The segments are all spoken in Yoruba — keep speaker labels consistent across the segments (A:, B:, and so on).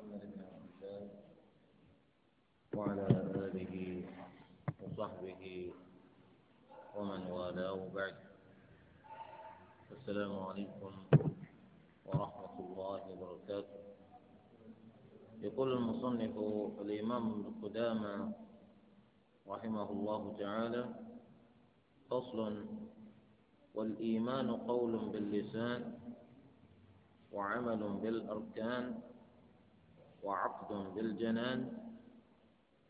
A: محمد بن عبد الله وعلى آله وصحبه ومن والاه بعد السلام عليكم ورحمة الله وبركاته يقول المصنف الإمام القدامى رحمه الله تعالى فصل والإيمان قول باللسان وعمل بالأركان وعقد بالجنان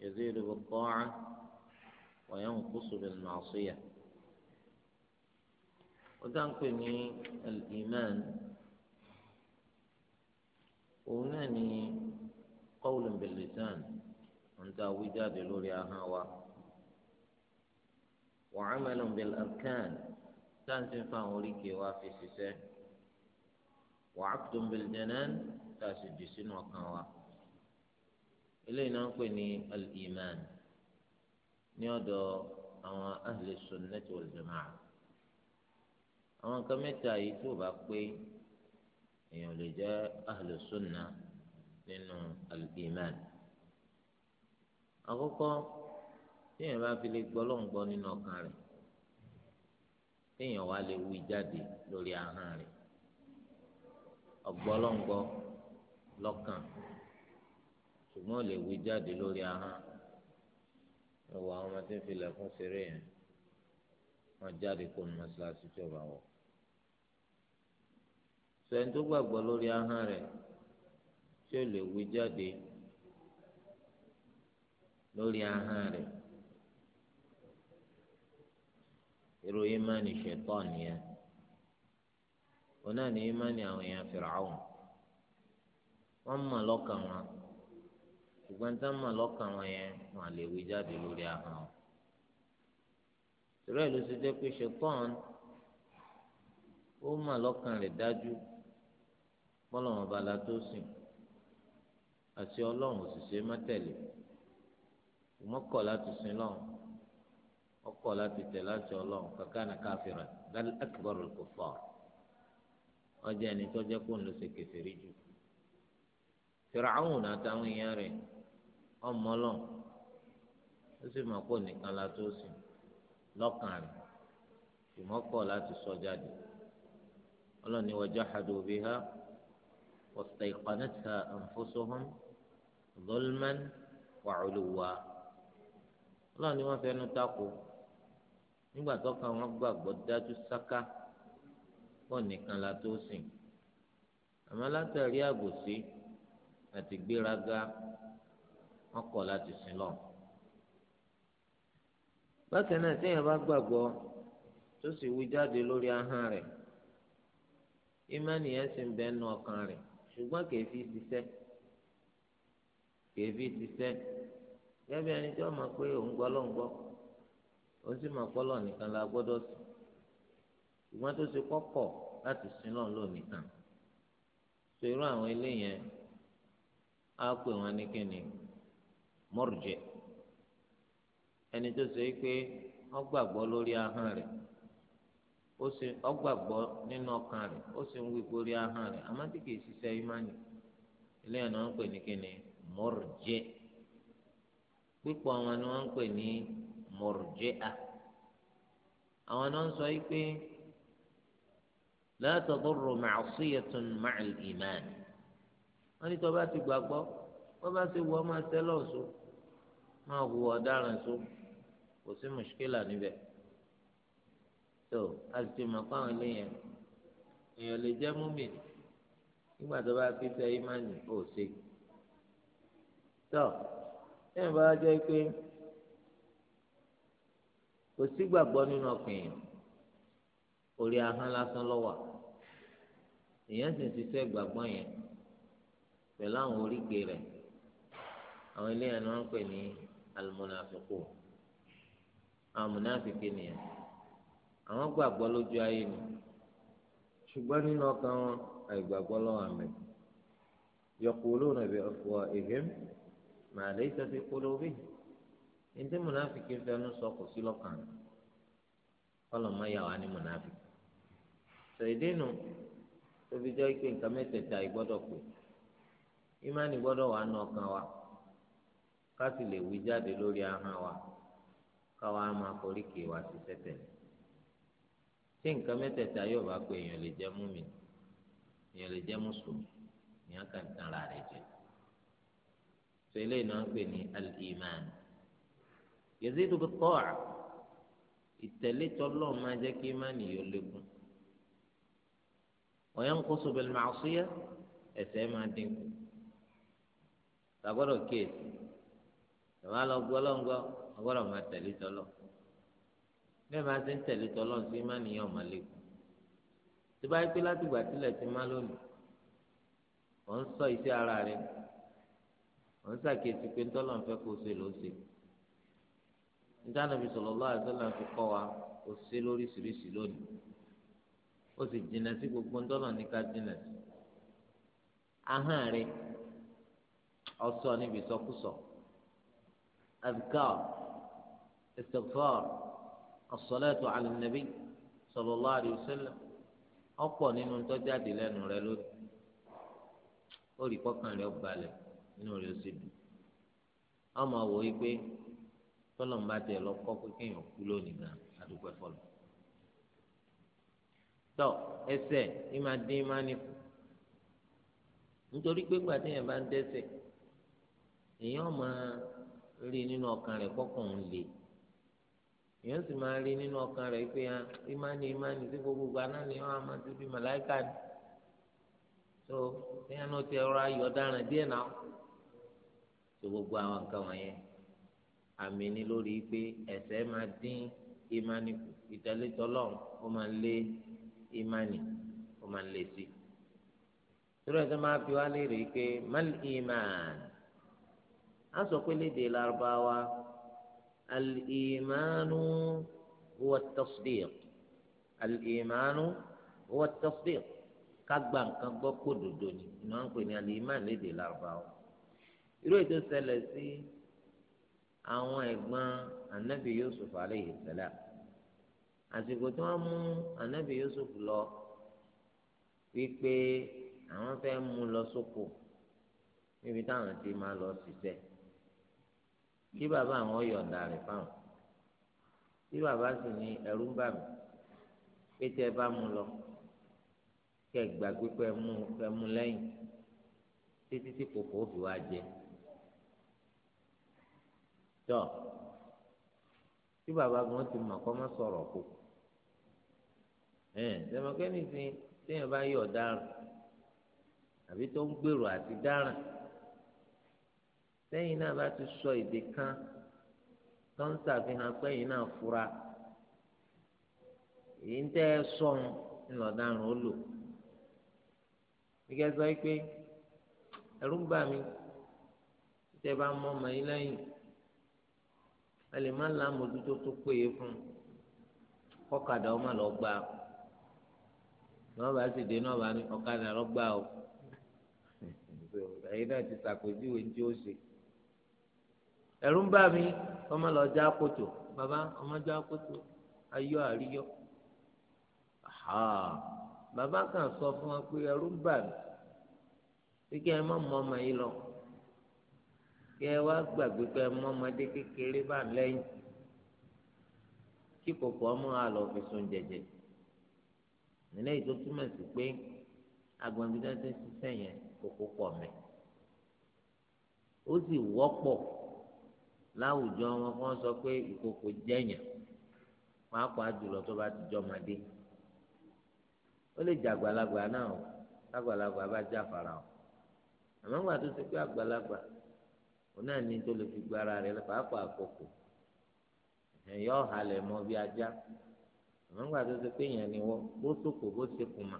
A: يزيد بالطاعة وينقص بالمعصية وتنقني الإيمان ونني قول باللسان أنت وجاد لوريا أهوا وعمل بالأركان تنسي فاوليك وافي سيسه وعقد بالجنان تاسجسين وكواه eléyìí náà ń pè ní al-iman ní ọ̀dọ̀ àwọn ahli sunnati wal jama'a àwọn nǹkan mẹ́ta yìí tó bá pé èèyàn lè jẹ́ ahli sunna nínú al-iman àkọ́kọ́ tí èèyàn bá fi lè gbọ́ ló gbọ́ nínú ọkàn rẹ̀ téèyàn wá lè wí jáde lórí ahọ́n rẹ̀ ọgbọ́ ló gbọ́ lọ́kàn ṣùgbọ́n lè wí jáde lórí ahọ́n ẹwà àwọn ọmọdé ń filẹ̀ fún ṣeré yẹn wọ́n jáde kó nu mọ́ṣáláṣí tí ọba wọ̀ tó gbàgbọ́ lórí ahọ́n rẹ̀ tí ó lè wí jáde lórí ahọ́n rẹ̀ irú imáni ṣẹ̀tọ́ nìyẹn òun náà ní imáni àwọn èèyàn Fìràwọ̀n wọ́n mọ̀ lọ́kàn wọn. ṣùgbọ́n tá mà lọ́kàn wọn yẹn wọn lè wí jáde lórí ahọ́n wọn. ìṣòro ìlú ṣe jẹ́ pé ṣetán ó mà lọ́kàn rẹ̀ dájú bọ́lọ̀wọ́n bala tó sìn àti ọlọ́run òṣìṣẹ́ mọ́tẹ̀lẹ̀ ìmọ̀kọ̀ láti sin lọ́run ọkọ̀ láti tẹ̀ láti ọlọ́run kàkà ní káfíra bẹ́ẹ̀ akbaru al-kuffar ọjà ẹni tó jẹ́ kó ń lọ sí kèfèrí jù. Fir'aun àtàwọn èèyàn rẹ̀ ọmọ lọ ó sì mọ̀ pé nìkan la tó sìn lọ́kàn rẹ̀ ṣùgbọ́n kọ̀ láti sọ jáde ọlọ́ni wajahadu biha wastayqanatha anfusuhum zulman wa uluwa ọlọ́ni wọ́n fẹ́nu tako nígbà tó kan wọ́n dájú sáká pọ̀ nìkan la tó sìn àmọ́ látàrí àbòsí àti gbéraga. wọn kọ̀ láti sin lọ. bákan náà téèyàn bá gbàgbọ́ tó sì wí jáde lórí ahọ́n rẹ̀ ìmánì sì ń bẹ nu ọkàn rẹ̀ ṣùgbọ́n kìí fi ṣiṣẹ́ kìí fi ṣiṣẹ́ gẹ́gẹ́ ẹni tí wọ́n mọ̀ pé òun gbọ́ gbọ́ sì mọ̀ pọ́lọ̀ nìkan la gbọ́dọ̀ ṣùgbọ́n tó ṣe kọ́kọ̀ láti sin lọ́n mọ́rùjẹ́ ẹni tó ṣe pé wọ́n lórí ahọ́n rẹ̀ ó sì ọgbàgbọ́ nínú ọkàn rẹ̀ ó sì ń wí gbórí ahọ́n rẹ̀ àmọ́ tí kìí ṣiṣẹ́ ìmánì ilé pè ní kíni wọn ni wọ́n pè ní mọ̀rùjẹ́ à àwọn náà ń sọ pé iman ní bá ti gbàgbọ́ wọ́n bá ti wọ́ ọmọ máa hu ọ̀daràn tó kò sí mùṣkílà níbẹ̀ tó a sì ti mọ̀ fáwọn eléyẹn èèyàn lè jẹ́ múmìnì nígbà tó bá fi tẹ ìmánì ò ṣe tó ẹ̀yìn bá jẹ́ pé kò sí gbàgbọ́ nínú ọkàn èèyàn orí ahọ́n lásán lọ́wọ́ èèyàn sì ń ṣiṣẹ́ gbàgbọ́ yẹn pẹ̀lú àwọn oríkèé rẹ̀ àwọn eléyàn ni wọ́n pè ní almunafiqun àwọn munafiki nìyẹn àwọn gbàgbọ́ lójú ayé ni ṣùgbọ́n nínú ọkàn wọn àìgbàgbọ́ lọ́wọ́ àmì yaquluna bi afwahihim ma laysa fi qulubihim ndé munafiki fẹnu sọ kò sí lọ́kàn ọlọmọ yà wá ní munafiki sọ èdè nù tóbi jẹ́ pé nǹkan mẹ́tẹ̀ẹ̀ta ìgbọ́dọ̀ pé ìmánì gbọ́dọ̀ wà nù ọkàn wa ká sì lè wí jáde lórí ahọ́n wa káwa máa forí kì í wá sí sẹ́tẹ̀ tí nǹkan mẹ́tẹ̀ẹ̀ta yóò bá pé èèyàn lè jẹ́ múmi èèyàn lè jẹ́ mùsùlùmí èèyàn kàn tán ara rẹ̀ jẹ tó náà ń pè ní al-iman yazidu bit-ta'a ìtẹ̀lé tọ́lọ́ máa jẹ́ kí ìmánì yóò lékún wa yanqusu bil-ma'siyah ẹ̀ṣẹ̀ máa dínkù tàgbọ́dọ̀ kíyèsí tẹ̀wá lọ gbọ́ lọ́ngọ́ ọgbọ́dọ̀ máa tẹ̀lé tọ́lọ̀ bẹ́ẹ̀ máa ti ń tẹ̀lé tọ́lọ̀ sí má nìyẹn ọ̀mà lẹ́kọ̀ọ́ tó bá yẹ pé láti gbà tilẹ̀ ti má lónìí ò ń sọ iṣẹ́ ara rẹ ò ń ṣàkíyèsí pé tọ́lọ̀ ń fẹ́ kó ṣe ló ṣe níta Nàbí sallallahu alaihi wasallam fi kọ́ wa ó ṣe lóríṣiríṣi lónìí ó sì jìnnà sí gbogbo tọ́lọ̀ ní ká jìnnà sí ahọ́n rẹ ọ̀sọ́ níbi sọkúsọ̀ọ́ أذكار استغفار الصلاة على النبي صلى الله عليه وسلم ọ̀pọ̀ nínú tó jáde lẹ́nu rẹ̀ lónìí ó rí pọkàn rẹ̀ balẹ̀ nínú rẹ̀ ó sì dùn ọmọ wò yí pé tọlọm bá tẹ lọ kọ pé kéèyàn kú lónìí gan adúgbò fọlọ tọ ẹsẹ̀ ìmà dín ìmà nìkú nítorí pé gbàdéyàn bá ń dẹ́ṣẹ̀ èèyàn máa rí nínú ọkàn rẹ̀ pọ́kùnrin lè èèyàn sì máa rí nínú ọkàn rẹ̀ pé ah, ìmánì ìmánì tí gbogbo gba ni wọ́n á máa ti bí màláìka ni tó èèyàn náà ti ẹ̀rọ ayọ̀ ọ̀daràn díẹ̀ náà tó gbogbo àwọn nǹkan wọ̀nyẹn àmì ni lórí pé ẹ̀ṣẹ̀ máa dín ìmánì kù ìtẹ̀lẹ́tọ̀ lọ́hùn ó máa ń lé ìmánì ó máa ń lé sí sọ́dọ̀ ẹ̀ṣẹ̀ máa fi wá léèrè pé mal imani a sọ pé lédè Lárúbáwá al-imanu huwa at-tasdiq al-imanu huwa at-tasdiq kagbà nǹkan gbọ́ kó dodo ni ìmọ̀ ń pè ní al-iman lédè Lárúbáwá irú ètò ṣẹlẹ̀ sí àwọn ẹ̀gbọ́n anabi Yusuf aleyhi salam àsìkò tí wọ́n mú anabi Yusuf lọ wípé àwọn fẹ́ mú lọ sóko níbi táwọn ti máa lọ ṣiṣẹ́. Si kí bàbá àwọn yọ̀ǹda rẹ̀ fáwọn tí bàbá sì ní ẹ̀rù ń bà mí pé tẹ́ ẹ bá mú lọ kẹ́ gbàgbé pé ẹ mú ẹ mú lẹ́yìn títí tí kòkó fi wá jẹ tọ́ tí bàbá gan ti mọ̀ kọ́ mọ́ sọ̀rọ̀ kó ẹ̀ dẹ́mọ̀kẹ́ni sí téèyàn bá yọ̀ ọ̀daràn àbí tó ń gbèrò àti dáràn lẹ́yìn náà bá ti sọ èdè kan tó ń ṣàfihàn pé ẹ̀yin náà fura èyí ń tẹ́ ẹ sọ̀hún ńlọ̀daràn ó lò gẹ́gẹ́ sọ pé ẹ̀rú ń bà mí tẹ́ bá mọ ọmọ yín lẹ́yìn ẹ lè má la àmójútó tó péye fún kọ́kadà ọmọ lọ gbà nọ́ọ̀bà sì dé nọ́ọ̀bà ní ọ̀kadà lọ gbà o ẹ̀yin náà ti ṣàpèjúwe tí ó ṣe ẹ̀rù ń bà mí ọmọ lọ já kótó bàbá ọmọ já kótó ayọ̀ àríyọ bàbá kan sọ fún wa pé ẹ̀rù ń bà mí pé kí ẹ má mọ ọmọ yìí lọ kí ẹ wá gbàgbé pé ẹ mọ ọmọdé kékeré bá lẹ́yìn kí kòkó ọmọ àlọ fi sùn jẹ́jẹ́ nílẹ̀ yìí tó túmọ̀ sí pé agbọ̀nbídá ti ń ṣiṣẹ́ yẹn kòkó pọ̀ mẹ́ ó sì wọ́pọ̀ láwùjọ wọn kàn sọ pé ìkòkò jẹyàn pàápàá jùlọ tó bá ti jọmọdé ó lè jà àgbàlagbà náà o àgbàlagbà bá jà fara o àmọ́ ńgbà tó ti pé àgbàlagbà òun náà ní tó lè fi gba ara rẹ̀ pàápàá àkókò ẹ̀yọ́ ọ̀hálẹ̀ mọ́ bí ajá àmọ́ ńgbà tó ti pé èèyàn ni wọ́n bó sòkò bó ti kùmà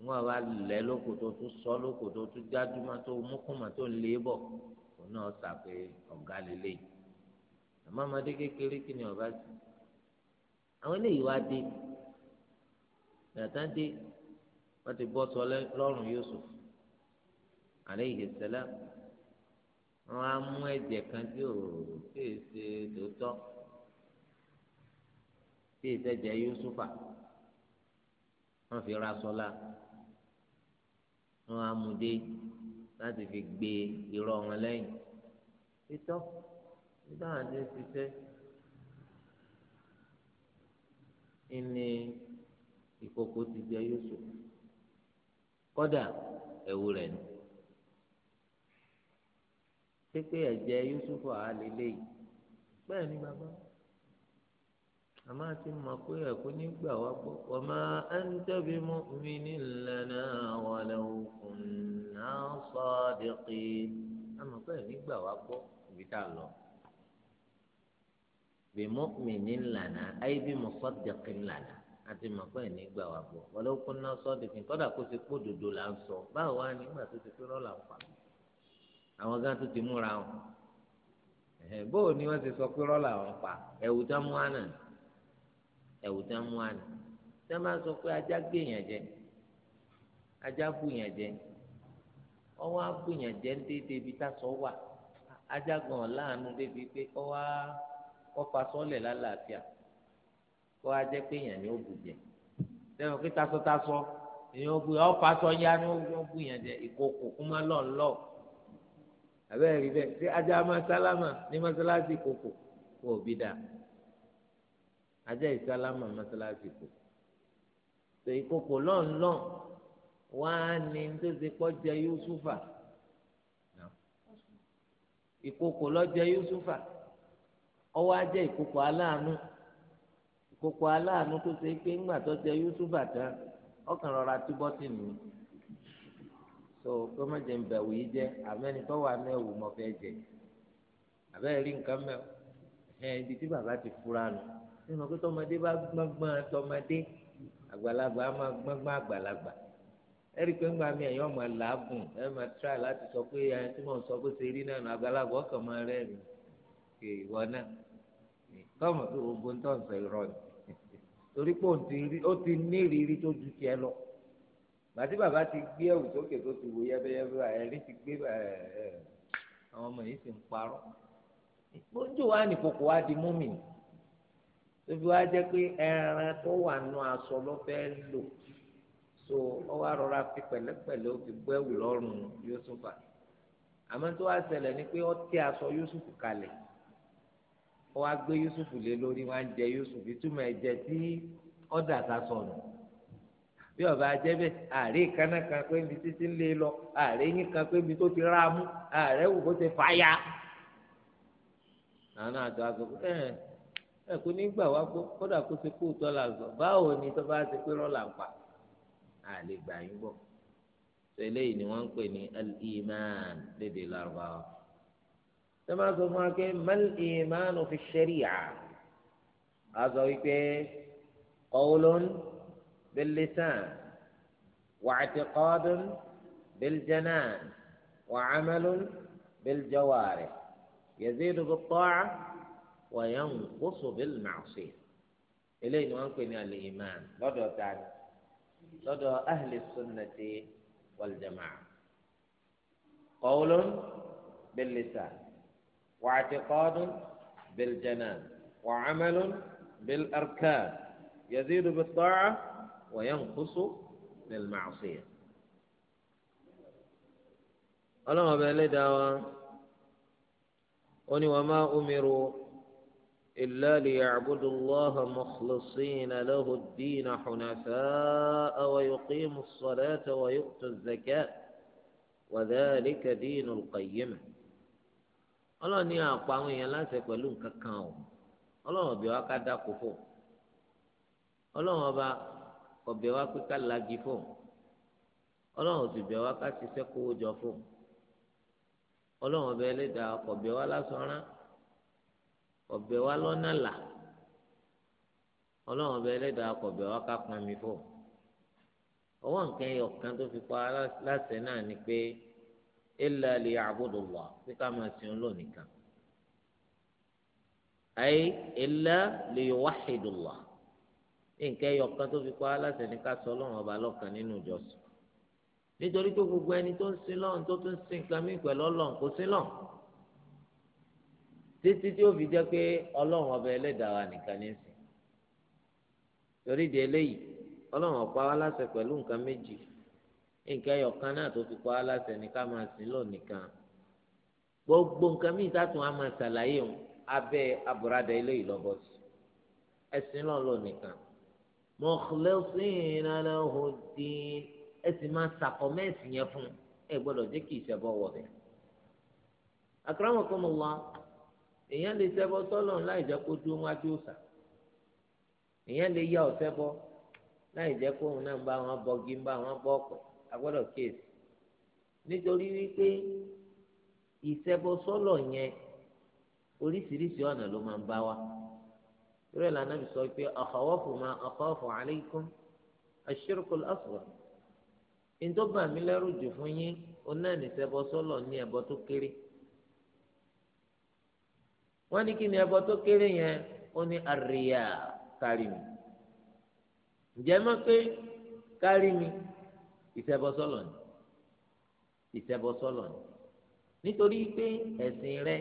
A: ńgbà wá lẹ́ lóko tó tún sọ lóko tó tún jájúmọ́ tó mú kùmà tó lé bọ̀ òun náà sà pé ọ̀gá lélẹ̀ àmọ́ ọmọdé kékeré kí ni ọba sí àwọn eléyìí wá dé gbàtàdé wọ́n ti bọ́ sọ lọ́rùn Yusuf aleyhi salam wọ́n á mú ẹ̀jẹ̀ kan tí ò tí ì ṣe tòótọ́ tí ì ṣẹ̀jẹ̀ Yusufa wọ́n fi ra sọlá wọ́n á mú dé láti fi gbé irọ́ wọn lẹ́yìn títọ́ títọ́ àti ṣiṣẹ́ ìní ìkòkò ti jẹ Yusuf kódà ẹ̀wù rẹ̀ ni pépé ẹ̀jẹ̀ Yusuf àá lélẹ́yìí bẹ́ẹ̀ ni bàbá àmọ́ àti mọ̀ pé ẹ̀kú nígbà wá gbọ́ wọ́n máa ń tẹ́bi mú mi nílànà wàlẹ̀ òkun náà sọ́ọ́dẹ̀kì àmọ́ pé nígbà wá gbọ́ ibi tá a lọ. bímọ mi nílànà ayé bímọ sọ́ọ́dẹ̀kì nílànà àti mọ̀ pé nígbà wá gbọ́ wàlẹ̀ òkun náà sọ́ọ́dẹ̀kì kọ́dà kó ti kó dòdò là ń sọ báwo wá nígbà tó ti pé rọ́ọ̀là ń fà àwọn gán tó ti múra wọn bóò ni wọ́n ti sọ pé rọ́ọ̀là ń pa ẹ̀wù tá mú wá náà ẹ̀wù tẹ́ ń wá ni tẹ́ máa sọ pé ajá gbé yẹn jẹ ajá bù yẹn jẹ ọwọ́ á bù jẹ a sọ wà ajá gan láàánú débi pé lálàáfíà pé ni ó bù jẹ tẹ́wọ̀n pé tasọ́tasọ́ èèyàn bù yẹn sọ ya ni ó bù yẹn jẹ ìkòkò má rí bẹ́ẹ̀ ajá máa sálámà ní mọ́sálásí ìkòkò ajá je mọ́sálásí kù tó ìkókò lọ́nlọ́n wá ní tó ṣe kọ́ jẹ Yusufa ìkókò Yusufa ọwọ́ ajá ìkókò aláàánú ìkókò aláàánú tó ṣe pé ńgbà tó jẹ Yusufa tán ọkàn rọra túbọ̀ tì mí so kọ́mọ̀jẹ̀ ń bẹ̀wò yìí jẹ́ àmẹ́ni wà náà wù jẹ àbẹ́rẹ́ rí nǹkan ibi tí bàbá ti fura nù. nínú pé tọmọdé bá gbọ́ngbọ́n tọmọdé àgbàlagbà á máa gbọ́ngbọ́n àgbàlagbà ẹ̀rí pé ńgbà mi ẹ̀yọ́ máa làágùn ẹ̀ máa tíráì láti sọ pé ẹni tí mò ń sọ bó ṣe rí náà àgbàlagbà ọkàn máa rẹ̀ mí kè ìwọ náà tọ́mọ̀ tó gbogbo ń tọ́ sọ irọ́ ni torí pé ó ti ní ìrírí tó ju tiẹ̀ lọ bàtí bàbá ti gbé ẹ̀wù sókè tó ti wo yẹ́bẹ́yẹ́bẹ́ ẹ̀rí ti gbé àwọn tóbi wá jẹ́ pé ẹran tó wà nù aṣọ ló fẹ́ lò so ọwọ́ arọra fi pẹ̀lẹ́pẹ̀lẹ́ ó fi gbẹ́wù lọ́rùn Yúsúfà àmọ́ tó wá ṣẹlẹ̀ ni pé ó tẹ aṣọ Yúsúfù kalẹ̀ ó wá gbé Yúsúfù lé lórí wá ń jẹ Yúsúfù tí ta sọnù bí ọba ààrẹ pé ibi títí ń lé lọ ààrẹ yín kan pé ibi tó ti rà mú ẹ kò ní gbà wá gbọ́ kódà kó ṣe kó tọ́ la zọ báwo ni tó bá ṣe pé rọ́là ń pa á lè gbà yín gbọ́ tẹ́lẹ̀ yìí ni wọ́n ń pè ní al-iman lédè Lárúbáwá tó máa sọ fún wa pé mal-iman fi ṣẹ́ríà á sọ wípé qawlun bil-lisan wa i'tiqadun bil-janan wa 'amalun bil-jawarih وينقص بالمعصية إليه نوانكم الإيمان لدو تعالي لدو أهل السنة والجماعة قول باللسان واعتقاد بالجنان وعمل بالأركان يزيد بالطاعة وينقص بالمعصية اللهم بلدوا وني وما أمروا إلا ليعبدوا الله مخلصين له الدين حنفاء ويقيموا الصلاة ويؤتوا الزكاة وذلك دين القيمة ọlọ́run ní àpò ni èèyàn láṣẹ pẹ̀lú nǹkan kan o ọlọ́run ọ̀bẹ wa ká dáko fún ọlọ́run ọba ọ̀bẹ wa pé ká lagi fún ọlọ́run òsì bẹ̀ wa ká ṣiṣẹ́ ọbẹ̀ wa lọ́nà là ọlọ́run ọbẹ̀ ẹlẹ́dàá kọ̀bẹ̀ wa ká pọn mi fò ọwọ́ nǹkan ẹyọ kan tó fi pa láṣẹ náà ni pé illa liya'budullah pé ká máa sin Ọlọ́run nìkan ayé illa liyuwahhidullah nǹkan ẹyọ kan tó fi pa láṣẹ ni ká sọ ọlọ́run ọba lọ́kan nínú ìjọsìn nítorí pé gbogbo ẹni tó ń sin lọ́run tó tún sin nǹkan mí pẹ̀lú ọlọ́run kò sin lọ́run. títí tí ó fi jẹ́ pé ọlọ́run ọba ẹlẹ́dàá wa nìkan ní sìn torí di eléyìí ọlọ́run ọ̀pá wa láṣẹ pẹ̀lú nǹkan méjì nǹkan ẹyọkan náà tó fi pa wa láṣẹ ní ká máa sìn lọ nìkan gbogbo nǹkan míì sátún á máa ṣàlàyé òun abẹ́ eléyìí lọ́bọ̀ sí lọ nìkan dín máa èèyàn lè ṣẹbọ sọ́lọ̀ láì jẹ́ kó dúró wájú òòṣà èèyàn lè ya ọ̀ṣẹbọ láì jẹ́ kó òun náà ń bá wọn bọgi bá wọn bọ ọ̀pẹ̀ agbọ́dọ̀ kíyèsí nítorí wípé ìṣẹbọ sọ́lọ̀ yẹn oríṣiríṣi ọ̀nà ló máa ń bá wa rẹ̀ lànà bí sọ pé akhawafu ma akhafu alaykum ash-shirkul asghar ìdọ́gba jù fún yín onáà ní ìṣẹbọ sọ́lọ̀ ní ẹ̀bọ tó kéré wọ́n ní kí ni ẹbọ tó kéré yẹn ó ní àríyá kárí mi ǹjẹ́ mọ̀ pé kárí mi ìṣẹbọ sọ́lọ̀ ni ìṣẹbọ sọ́lọ̀ ni nítorí pé ẹ̀sìn rẹ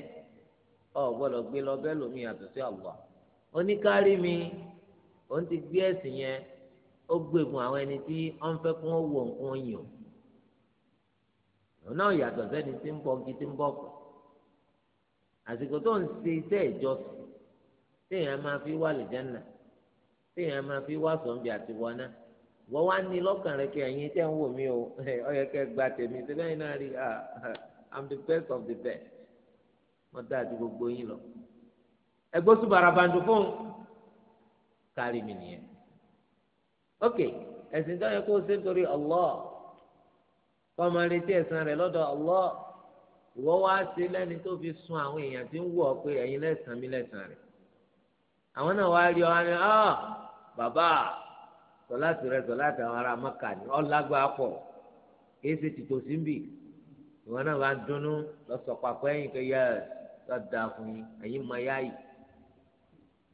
A: ò gbọ́dọ̀ gbé lọ bẹ́ẹ̀ lómi yàtọ̀ sí Allah oníkárí mi òun ti gbé ẹ̀sìn yẹn ó gbẹ̀gùn àwọn ẹni tí wọ́n fẹ́ kó wọ̀ nǹkan yìí o náà yàtọ̀ sẹ́ni tí ń bọ̀ gidi ń bọ̀ kù àsìkò tó ń ṣe iṣẹ́ ìjọsìn téèyàn máa fi wà lìjánà téèyàn máa fi wà sọ̀nbi àti wọná wọ́n wá ní lọ́kàn rẹ̀ kí ẹ̀yin tẹ́ ń wò mí o ọ̀yẹ́ kẹ́ gba tèmi síbẹ̀ yìí náà rí ah, i'm the best of the best wọ́n dá àti gbogbo yín lọ. ẹgbẹ́ sùn bàrà bàǹdù fún kárí mi nìyẹn. ok ẹ̀sìn tó yẹ kó o ṣe nítorí Allah kọ́ ọ máa retí ẹ̀san rẹ̀ lọ́dọ̀ Allah ìwọ wá sí lẹ́ni tó fi sun àwọn èèyàn tí ń wù ọ́ pé ẹ̀yin lẹ́sàn-án mi lẹ́sàn-án rẹ̀ àwọn náà wá rí ọ wá ní ọ bàbá sọláàtì rẹ sọláàtì àwọn ará mọ́kà ní ọlágbára pọ̀ kìí ṣe tìtò síbì ìwọ náà bá ń dunnú lọ́sọ̀pàpọ̀ ẹ̀yìn pé yẹ lọ́dà fún yín ẹ̀yin mọ ya yìí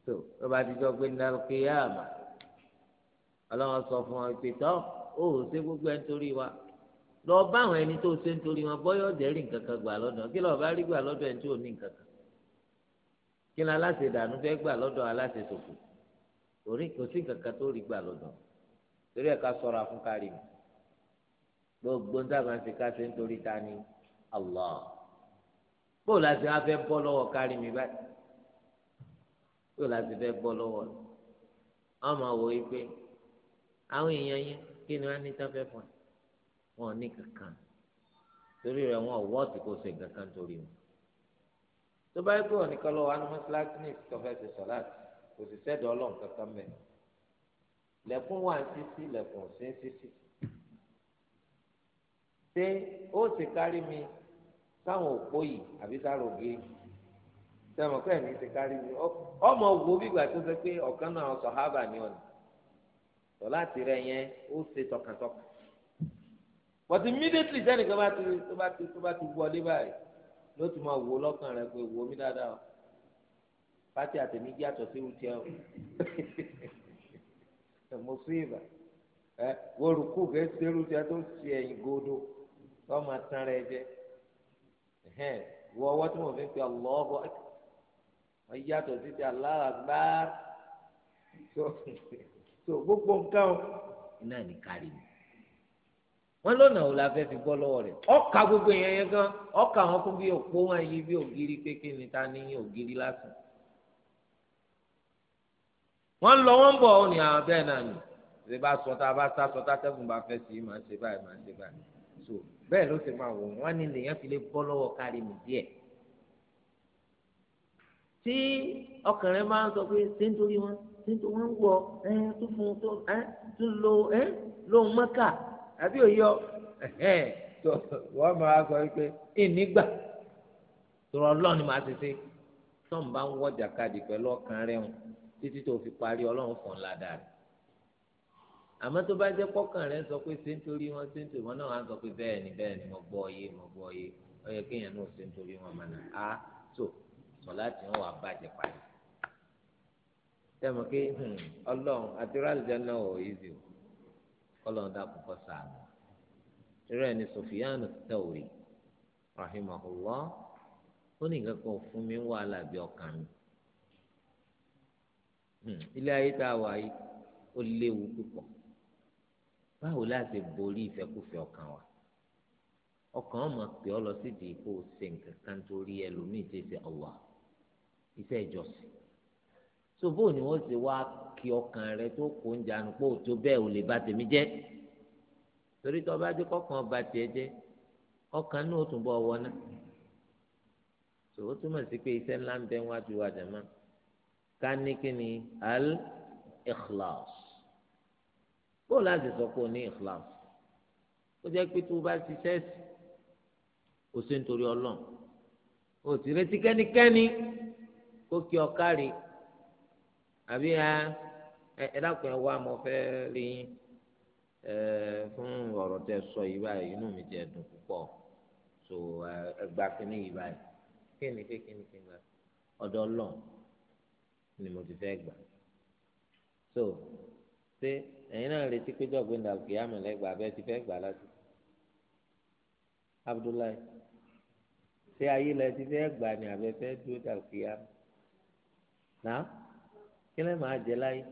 A: tó ló bá ti jọ pé nàlùkì yá àmà ọlọ́run sọ fún ọ ìpè tán ó ṣe gbogbo ẹ̀ ń torí wa lọ bá àwọn ẹni tó ṣe ń torí wọn bọ́yọ̀ jẹ́rìí nǹkan kan gbà lọ́dọ̀ kí lọ́ọ́ bá rí gbà lọ́dọ̀ ẹni tí ò ní nǹkan kan kí ni aláṣẹ ìdànù fẹ́ gbà lọ́dọ̀ aláṣẹ sòfò torí kò sí nǹkan kan tó rí gbà lọ́dọ̀ torí ẹ̀ ká sọ̀rọ̀ afúnkárì mi gbogbo ntàgbà ń ṣe ká ṣe ń torí ta ni Allah bóòlù àti wọn fẹ́ bọ́ lọ́wọ́ kárì mi báyìí bóòlù àti fẹ́ bọ́ lọ́wọ́ ni wọ́n á wọn ò ní kankan torí rẹ̀ wọn ò wọ́ọ̀tì kò ṣe kankan torí wọn tó bá yẹ kó wọn nìkan lọ wà ní mọ́sálásí ní ìtọ́fẹ́ ti sọ̀láàtì kò sì sẹ́dọ̀ ọlọ́run kankan mẹ́ lẹ́kùn wà sísí lẹ́kùn sí sísí ṣé ó ti kárí mi sáwọn òpó yìí àbí sáwọn ògé sẹ́wọ̀n kọ́ ẹ̀ ní ti kárí mi ọmọ wo bí ìgbà tó ṣe pé ọ̀kan náà sọ̀hábà ni ọ̀nà sọ̀láàtì rẹ̀ yẹn ó ṣe tọkàntọkàn but immediately sẹ́ni kan bá ti tó bá ti tó bá ti wọlé báyìí ló ti máa wò lọ́kàn rẹ pé wò mí dáadáa o pátí àtẹ̀mí jẹ́ àtọ̀ sí ìwútiẹ́ o mo sí ìbà ẹ wọ́rùkù kẹ́ sẹ́rù tí a tó ti ẹ̀yìn godo tó máa tán rẹ jẹ wọ ọwọ́ tí mo fi ń pe Allahu Akbar wọ́n yàtọ̀ sí ti Allahu Akbar tó gbogbo nǹkan o náà ní kárí mi wọn lọ́nà wo la fẹ́ fi gbọ́ lọ́wọ́ rẹ̀ ọkà gbogbo yẹn yẹn gan ọkà wọn kún bí òpó wọn yí bí ògiri kékeré ní ta ní ògiri lásán
B: wọn lọ wọn bọ ọ ní
A: àwọn ah, bẹ́ẹ̀ náà nì ṣe bá sọ tá a bá sá sọ tá a tẹkùn bá fẹ́ sí i ṣe báyìí máa ṣe báyìí so bẹ́ẹ̀ ló ṣe máa wọ wọn ní lèyàn fi lè bọ́ lọ́wọ́ kárí mi díẹ̀ tí ọkùnrin máa ń sọ pé ṣé nítorí wọn ṣé nítorí wọn ń wọ ẹ tó fún tó ẹ tó lo ẹ lóun mọ́kà àbí òye ọ tó wọ́n máa sọ pé ìní gbà tọrọ ọlọ́ọ̀ni máa ṣe ṣe tọ́m bá ń wọ́ jàkadì pẹ̀lú ọkàn rẹ̀ hùn títí tó fi parí ọlọ́run fún ládàá rẹ̀ àmọ́ tó bá jẹ́ kọ́kàn rẹ̀ sọ pé ṣé nítorí wọn ṣé nítorí wọn náà wá sọ pé bẹ́ẹ̀ ni bẹ́ẹ̀ ni mo gbọ́ ọ yé mo gbọ́ ọ yé ó yẹ kéèyàn náà ṣe nítorí wọn mọ̀ náà á tó sọ láti wọn wà bàjẹ́ parí. sẹ́mi pé hmm, ọlọ́run àti rálìjẹ́ náà ò yí sí o kọlọ́n dàpọ̀ kọ́ sàánù irú ẹni Sufyan Thauri rahimahullah ó ní nǹkan kan fún mi wà lábí ọkàn mi hmm, ilé ayé tá a wà yìí ó léwu púpọ̀ báwo láti borí ìfẹ́kùfẹ́ ọkàn wa ọkàn ọmọ pé ọ lọ sídìí kó o ṣe nǹkan kan torí ẹlòmíì tẹsẹ ọwà iṣẹ́ ìjọsìn ṣòfò ni wọ́n ti wá kí ọkàn rẹ tó kó ń jànú pé òtó bẹ́ẹ̀ ò lè ba tèmi jẹ́ torí tó bá dé kọ́kàn ba tiẹ̀ jẹ́ ọkàn náà ó tún bọ̀ wọná ṣòwò túmọ̀ sí pé iṣẹ́ ńlá ń bẹ wájú wa jàmá ká ní kí ni al ikhlas bó láti sọ pé o ní ikhlas ó jẹ́ pé tó o bá ṣiṣẹ́ sí o ṣe nítorí ọlọ́run o sì retí kẹ́nikẹ́ni kó kí ọ kárí àbí ẹ dákun ẹ wá mo fẹ́ rí ẹ fún ọ̀rọ̀ tẹ sọ yìí báyìí inú mi jẹ dùn púpọ̀ so ẹ gba kínní yìí báyìí kíni pé kíni kí n gbà ọ̀dọ̀ Ọlọ́run ni mo ti fẹ́ gbà so ṣé ẹ̀yin náà retí pé jọ̀gbìn dàgbé àmọ̀lẹ́gbà abẹ́ ti fẹ́ gbà láti Abdullahi ṣé ayé lẹ ti fẹ́ gbà ní abẹ́ fẹ́ dúró dàgbé àmọ̀ náà kí lè máa jẹ láyé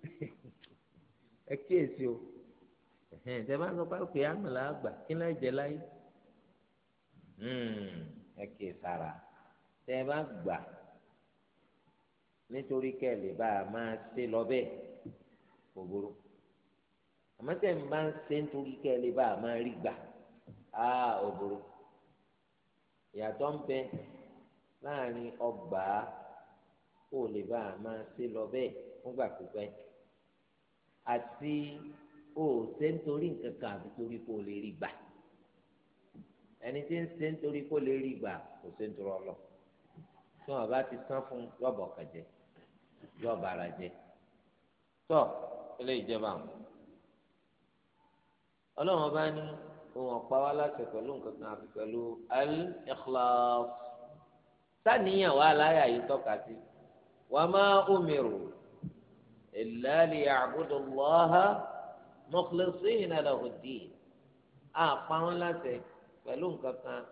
A: ẹ kíyèsí o tẹ bá sọ pé kò yá mi là gbà kí lè jẹ láyé hmm, ẹ kíyèsára tẹ bá gbà nítorí kẹ lè bá a máa ṣe lọ bẹ́ẹ̀ kò burú àmọ́ tẹ bá ń ṣe nítorí kẹ bá a máa rí gbà á ò burú ìyàtọ̀ ń bẹ láàrin ọgbà á kó o lè bá a máa ṣe lọ bẹ́ẹ̀ fúngbà pípẹ́ àti o ò ṣe nítorí nǹkan kan àbí torí kó o lè rí gbà ẹni tí ń ṣe nítorí kó o lè rí gbà kò ṣe ń dúró ọlọ tí wọn bá ti san fún yọbọ kẹjẹ yọba ara jẹ tọ ilé ìjẹba àwọn ọlọ́run bá ní òun ọ̀pá wa láti pẹ̀lú nǹkan kan àbí pẹ̀lú al-ikhlas sáníyàn wà láyà yìí tọ́ka sí. وما أمروا إلا ليعبدوا الله مخلصين له الدين أقام لك فلون كفا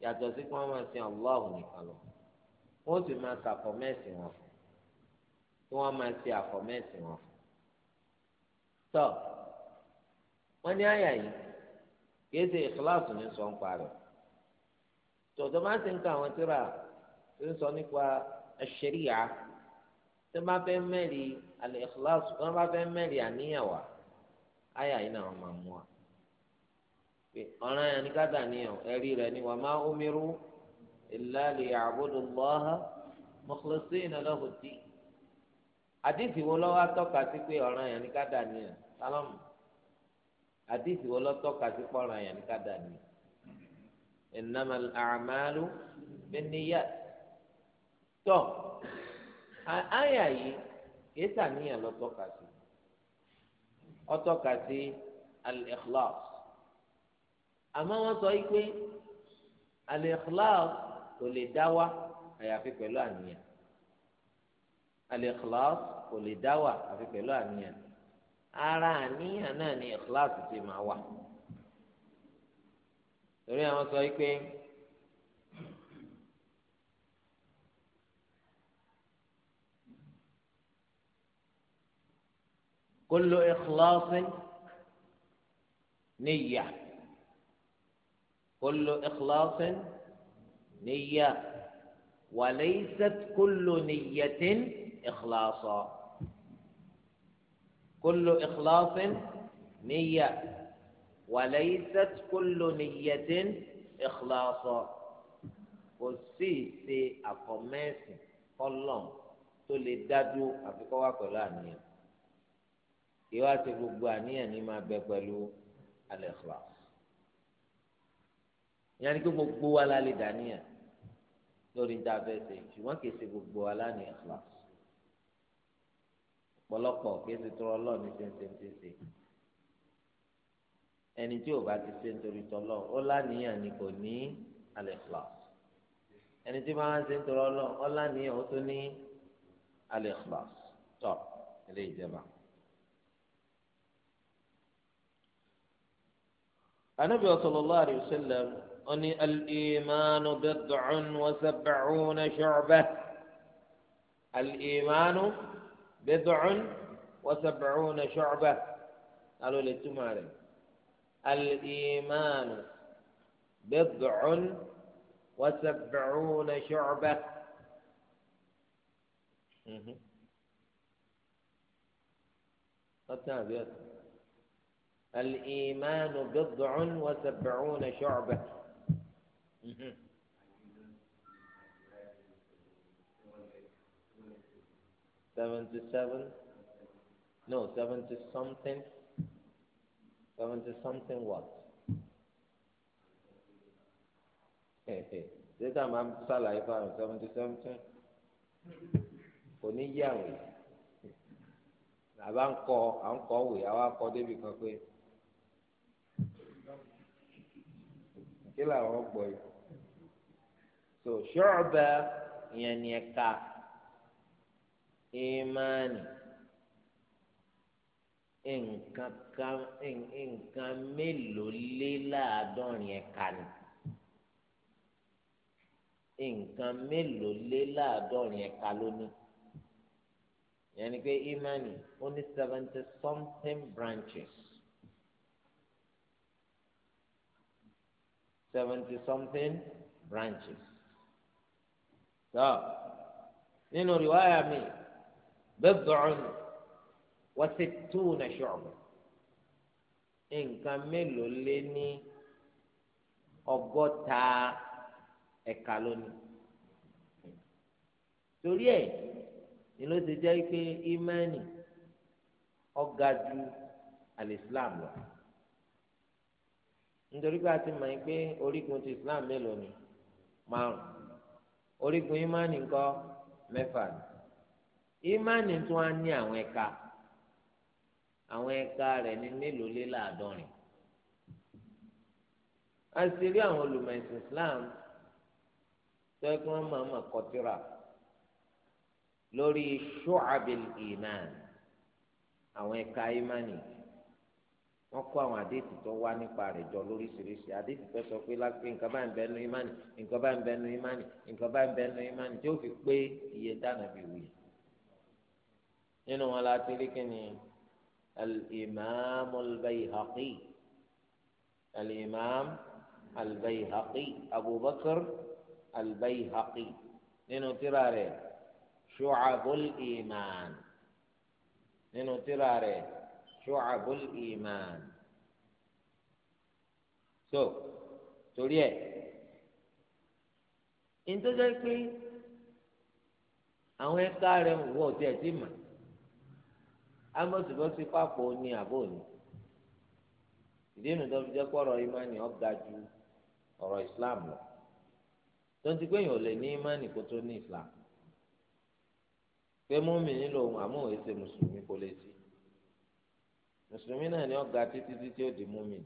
A: يعتزك وما سي الله نكالو وانت ما سأفمسي وفا وما سي أفمسي وفا طب wọ́n ní àyà yìí kìí ṣe ìkíláàsì ní sọ ń parẹ́ tòótọ́ máa ń ṣe ń ka àwọn tíra ń sọ nípa àṣẹríyà tó bá fẹ́ mẹ́rin alẹ́ ìkìláàsì tó bá fẹ́ mẹ́rin àníyàn wa àyà yìí náà máa mú wa ọ̀ràn yẹn ní kádà níyàn ẹ̀rí rẹ̀ ni wa ma umiru illa liya'budu Allaha mukhlisina lahu ddin àdìsí wo lọ́wọ́ atọ́ka sí pé ọ̀ràn yẹn ní kádà níyàn sálámù àdìsí wo lọ́wọ́ sí pé yẹn ní kádà níyàn innamal a'malu binniyat tọ́ àyà yìí kìí sàníyàn lọ tọ́ka sí ọ tọ́ka sí al-ikhlas àmọ́ wọ́n sọ yìí pé al-ikhlas kò lè dá wa àyàfi pẹ̀lú àníyàn al-ikhlas kò lè dá wa àfi pẹ̀lú àníyàn ara àníyàn náà ni ikhlas ti máa wà torí àwọn sọ yìí pé. كل إخلاص نية كل إخلاص نية وليست كل نية إخلاصا كل إخلاص نية وليست كل نية إخلاصا kò sí ìṣe àfọmẹ́sìn fọlọ́n tó lè dájú ìwà ti gbogbo àníyàn ní máa bẹ pẹ̀lú al-ikhlas ìyẹn ni pé gbogbo wa la lè dàníyàn lórí níta bẹ́ẹ̀ ṣe ṣùgbọ́n kì í ṣe gbogbo wa láni ikhlas ọ̀pọ̀lọpọ̀ kì í ṣe tọrọ ọlọ́ọ̀ ní ṣẹ́ńṣẹ́ńṣẹ́ ẹni tí ò bá ti ṣe nítorí tọlọ ó láníyàn ni kò ní al-ikhlas ẹni tí máa ń ṣe nítorí ọlọ́ọ̀ ó láníyàn ó tún ní al-ikhlas tọ́ ilé ìjẹba. النبي صلى الله عليه وسلم أني الإيمان بضع وسبعون شعبة الإيمان بضع وسبعون شعبة قالوا لي انتم تمارين الإيمان بضع وسبعون شعبة قد تابعت الإيمان بضع وسبعون شعبة seventy seven no seventy something seventy something what ṣé tá a máa ṣàlàyé fáwọn seventy something kò ní yàwé àbá ń kọ à ń kọ wè àwa Kila làwọn gbọ́ yìí so ṣọ́ọ̀bẹ ìyẹn ni ẹ̀ka ìmánì nǹkan kan nǹkan mélòó lé láàádọ́rin ẹ̀ka ni nǹkan mélòó lé láàádọ́rin ẹ̀ka lónìí yẹn ni pé ìmánì ó ní seventy something branches. seventy something branches. tó nínú rìwáyà mi bid'un wa sittuna shu'ba nǹkan mélòó lé ní ọgọ́ta ẹ̀ka lónìí torí ẹ̀ ni ló ti jẹ́ pé ìmánì ọ̀gá ju alìsílámù lọ nítorí pé a ti mọ̀ yín pé orígun ti islam mélòó ni márùn orígun ìmánì ńkọ́ mẹ́fà ni ìmánì tó wá ní àwọn ẹ̀ka àwọn ẹ̀ka rẹ̀ ní mélòó lé láàdọ́rin a sì rí àwọn olùmọ̀ ẹ̀sìn islam tó yẹ kí máa mọ̀ kọtíra lórí shu'abil iman àwọn ẹ̀ka ìmánì yìí wọ́n kó àwọn àdéhìtì tó wá nípa rẹ̀ jọ lóríṣiríṣi àdéhìtì tó sọ pé lápé nǹkan báyìí ń bẹ nu ìmánì nǹkan báyìí ń bẹ nu ìmánì nǹkan báyìí ń bẹ nu ìmánì tí ó fi pé iye dáná fi wù yìí. nínú wọn la ti rí kí ni al-imam al-bayhaqi al-imam abubakar al-bayhaqi nínú tírà rẹ̀ shu'abul iman nínú tírà rẹ̀. شعب الإيمان. so torí ẹ ìtọ́jọ́ pé àwọn ẹ̀ka rẹ̀ wọ́n ti ẹ̀ ti mà amọ̀sibọ́sí papọ̀ ní àbọ̀ ni ìdí inú tó fi jẹ́ pọ̀rọ̀ ìmánì ọ̀gá ju ọ̀rọ̀ islam lọ tó ń ti pé èèyàn ní ìmánì kó tó ní islam pé mọ́mì nílò ohun àmọ́ òye mùsùlùmí kò lè sí mùsùlùmí náà ni ó ga títí títí ó di múmin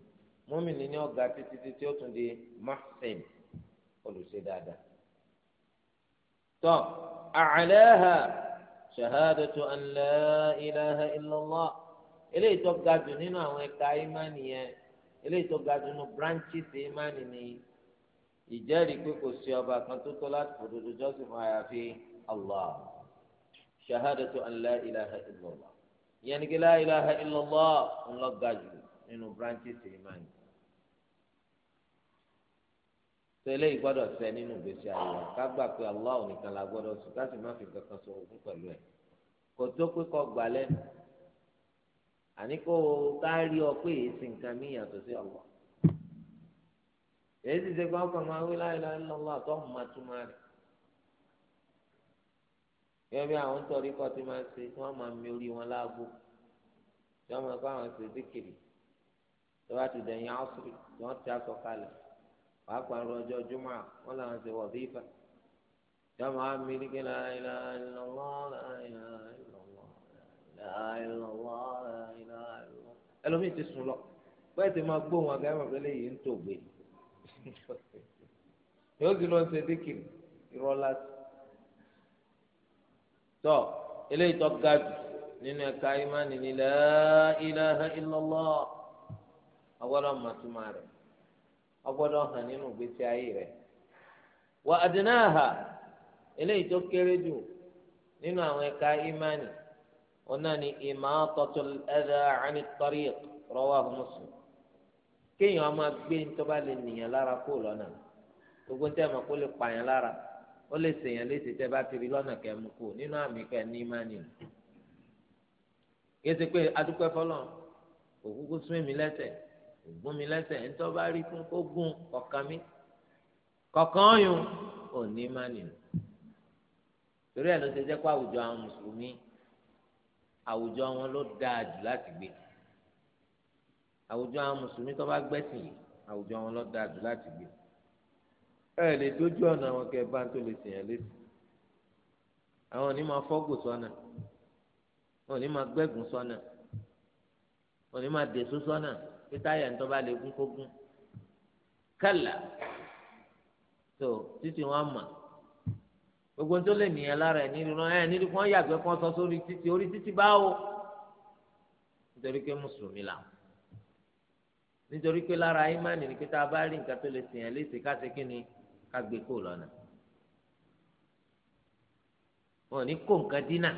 A: múmin ni ó ga títí títí ó tún di mahsin olùṣe dáadáa. tọ́ a'laha shahadatu an la ilaha illallah eléyìí tó ga jù nínú àwọn ẹ̀ka ìmánì yẹn eléyìí tó ga jù nínú branches ìmánì ni ìjẹ́rìí pé kò sí ọba kan tó tọ́ láti fòdodo jọ́sìn fún àyàfi allah shahadatu an la ilaha illallah ìyẹn ní kí la ilaha illallah ńlọ ga jù nínú branches ìmáànì tẹ́lẹ̀ ìgbọ́dọ̀ ṣẹ nínú ìgbésí ayé wa ká gbà pé Allah nìkan la gbọ́dọ̀ sùn ká sì má fi kankan sọ ogún pẹ̀lú ẹ̀ kò tó pé kọ gbà lẹ́nu àní kó o ká rí ọ pé èyí nǹkan mí yàtọ̀ sí Allah èyí sì ṣe pé ọkàn máa wí la ilaha illallah àtọ́ ọ̀hún máa túmọ̀ gẹ́gẹ́ bí àwọn tọ̀rí kọ́ ti máa ń ṣe tí wọ́n máa mi orí wọn láago tí wọ́n máa kọ́ àwọn ṣe síkìrì tí wọ́n ti dẹ̀yìn áṣírí tí wọ́n ti aṣọ kalẹ̀ wàá pàrọ̀ ọjọ́ júmọ́ wọn làwọn ṣe wọ̀ bífà tí wọ́n máa mi ní kí láìlá ìlọ́wọ́ láìlá ìlọ́wọ́ láìlọ́wọ́ láìlá ìlọ́wọ́ ẹlòmíì ti ti máa gbó wọn gẹ́gẹ́ bàbá eléyìí ń tògbè yóò sì lọ ṣe síkìrì ìrọ́lá tọ́ eléyìí tó ga jù nínú ẹ̀ka ìmánì ni la ilaha illallah ọgbọ́dọ̀ màtúmá rẹ̀ ọgbọ́dọ̀ hàn nínú ìgbésí ayé rẹ̀ wà adnaha eléyìí tó kéré jù nínú àwọn ẹ̀ka ìmánì ọ̀nà ni imatatul adha anit tariq rawahu Muslim kéèyàn máa gbé ntọ́ba lè nìyàn lára kó lọ́nà gbogbo ntẹ́ mọ̀ kó lè pààyàn lára ó lè sèyàn léṣe tẹ́ bá ti rí lọ́nà kẹ́mu kù nínú àmì pẹ́ ní mánì kí ẹ ṣe pé adúpẹ́ fọlọ́ òkúkú sún èmi lẹ́sẹ̀ ògún mi lẹ́sẹ̀ ńtọ́ bá rí fún kó gún kọ̀ọ̀kan mi kọ̀ọ̀kan ọ̀yùn ò ní mánì torí ẹ̀ ló ṣe jẹ́ pé àwùjọ àwọn mùsùlùmí àwùjọ wọn ló dáa jù láti gbé àwùjọ àwọn mùsùlùmí tó bá gbẹ́sìn yìí àwùjọ wọn ló dáa jù láti gbé ẹ lè dójú ọ̀nà àwọn kẹ bá ń tó lè sèyàn létí àwọn òní máa fọ́gùn sọ́nà wọn òní máa gbẹ́gùn sọ́nà wọn òní máa dèso sọ́nà pé táyà ń tọ́ba lè gún kó gún kálá tó títí wọn mà gbogbo tó lè nìyẹn lára ẹ nínú náà ẹ nínú kan yàgbẹ́ kan sọ sórí títí orí títí báwo nítorí pé mùsùlùmí làwọn nítorí pé lára imáàni ni pé tá a bá rí nǹkan tó lè sèyàn létí ká ká gbé kó wọn ò ní kó nǹkan dínà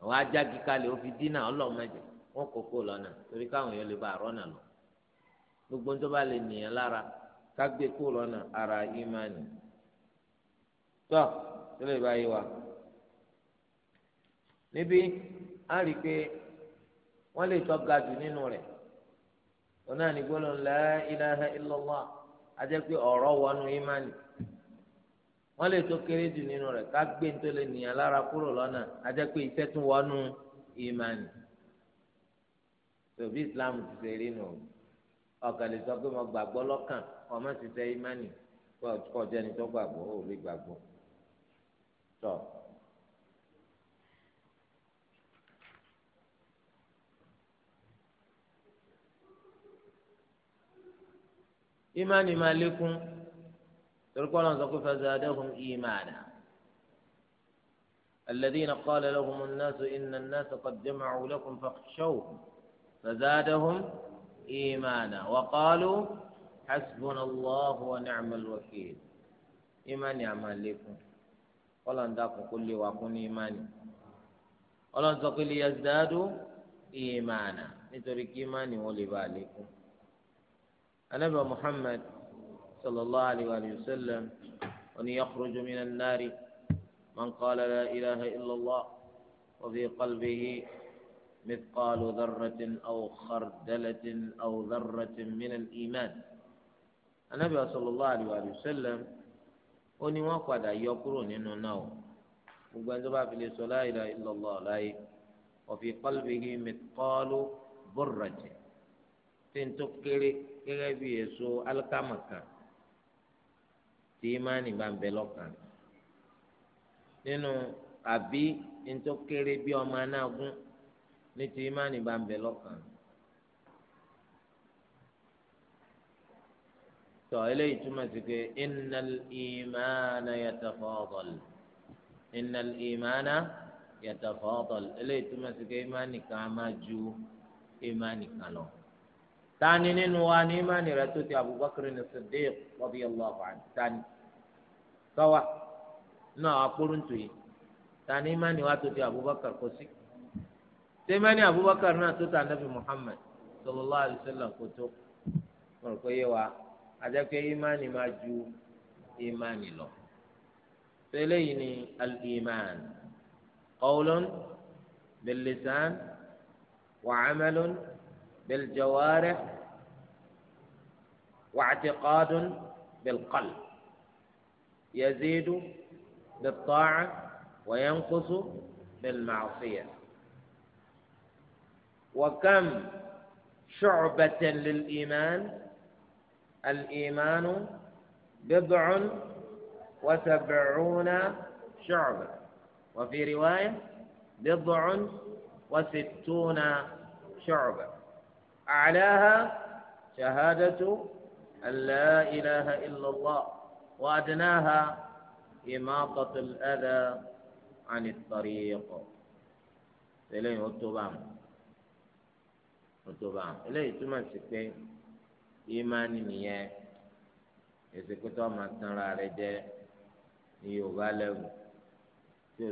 A: àwọn ajá kíkalẹ̀ ó fi wọn kò kó torí káwọn lọ gbogbo tó bá lè nìyẹn lára ara imani wa níbí a rí pé wọ́n lè tọ́ ajẹ́ pé ọ̀rọ̀ wọnú ìmánì wọ́n lè tó kéré jù nínú rẹ̀ ká gbé tó lè nìyàn lára kúrò lọ́nà ajẹ́ pé iṣẹ́ tún wọnú ìmánì tòbí Islam ti ṣe rí nù ọkàn lè sọ pé mo gbàgbọ́ lọ́kàn ọmọ ti ṣe ìmánì kọjá ni tó gbàgbọ́ ò lè gbàgbọ́ tọ́. So, ìmánì máa lékún torí kọ́ lọ́n sọ pé fazadahum ìmánà. الذين قال لهم الناس إن الناس قد جمعوا لكم فاخشوهم فزادهم إيمانا وقالوا حسبنا الله ونعم الوكيل إيماني أعمال لكم قال أن داكم كل وكن إيماني قال أن تقول يزدادوا إيمانا نترك إيماني ولبالكم النبي محمد صلى الله عليه وآله وسلم أن يخرج من النار من قال لا إله إلا الله وفي قلبه مثقال ذرة أو خردلة أو ذرة من الإيمان النبي صلى الله عليه وآله وسلم أن يقعد يقرون إنه نوم gbogbo ẹni tó bá fi lè sọ وفي قلبه مثقال ذرة tí n tó kéré gẹ́gẹ́ bí èso alikama kan tí imáni bá ń bẹ lọ́kàn nínú àbí n tó kéré bí ọmọ anágún ní tí imáni bá ń bẹ lọ́kàn. tọ eléyìí túmọ̀ sí pé innal ìmáàna yatafadal innal ìmáàna yatafadal eléyìí túmọ̀ sí pé imáni kan máa ju imáni kan lọ tani nínú wa ní imáni rẹ tó ti Abubakar ní Siddiq radiyallahu anhu tani tọwa náà akpọrọntò yìí tani imáni wa tó ti Abubakar kò sí ṣé imáni Abubakar náà tó ta nabi Muhammad sallallahu alayhi wa sallam kò tó wọn kò yé wa àjẹpẹ́ imáni máa ju imáni lọ tẹ́lẹ̀ yìí ni al-iman qawlun bil wa amalun. بالجوارح واعتقاد بالقلب يزيد بالطاعة وينقص بالمعصية وكم شعبة للإيمان الإيمان بضع وسبعون شعبة وفي رواية بضع وستون شعبة أعلاها شهادة أن لا إله إلا الله وأدناها إماطة الأذى عن الطريق إليه التبام التبام إليه تمسك إيمان نية يسكت ما تنرى رجاء ní yorùbá lẹ́wù tí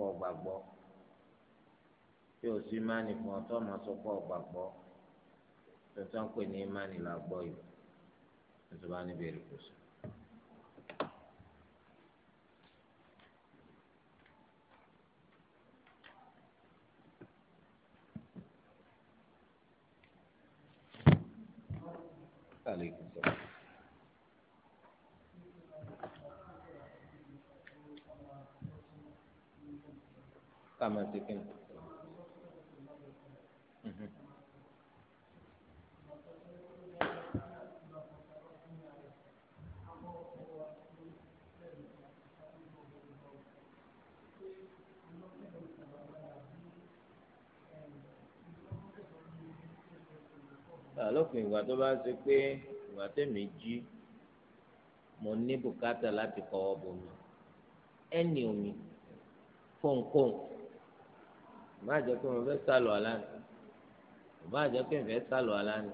A: o tí o sì máa ní fún ọ tó máa sọ pé ọgbà pọ tuntun pè ní ìmánì là gbọ́ yìí tuntun bá níbi èrè kò sí. عليكم lópin ìgbà tó bá ṣe pé ìgbà tẹ̀mí jí mo ní bùkátà láti kọ́wọ́ bomi ẹnì omi kónkón ìbá jẹ́ pé mo fẹ́ sálọ aláni ìbá jẹ́ pé mo fẹ́ sálọ aláni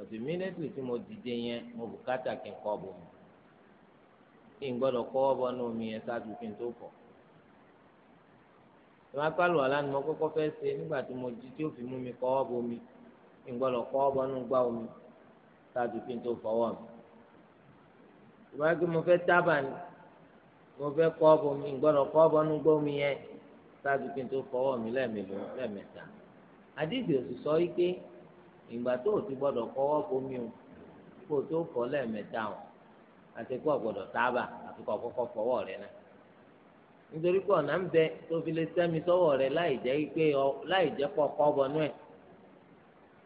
A: ọ̀sẹ̀ mílẹ́tìrì tí mo dìde yẹn mo bùkátà kí n kọ́ bomi kí n gbọ́dọ̀ kọ́wọ́ bọ́nú omi yẹn ṣáájú kí n tó kọ̀ ìbá pálọ̀ aláni mo kọ́kọ́ fẹ́ ṣe nígbà tí mo jí tí ó fi mú mi kọ́wọ́ bomi. ìgbọ́dọ̀ fọwọ́ bọ́nú gbá omi ṣáàtú kí n tó fọwọ́ mi ìwádìí pé mo fẹ́ tábà ni mo fẹ́ kọ́ bomi omi yẹn ṣáàtú kí n tó fọwọ́ mi lẹ́ẹ̀mẹ́lò lẹ́ẹ̀mẹ́ta àdìsí òsì sọ wípé ìgbà tó o ti gbọ́dọ̀ o kó o tó lẹ́ẹ̀mẹ́ta o àti kó o gbọ́dọ̀ tábà àti kó o fọwọ́ rẹ náà nítorí pé ọ̀nà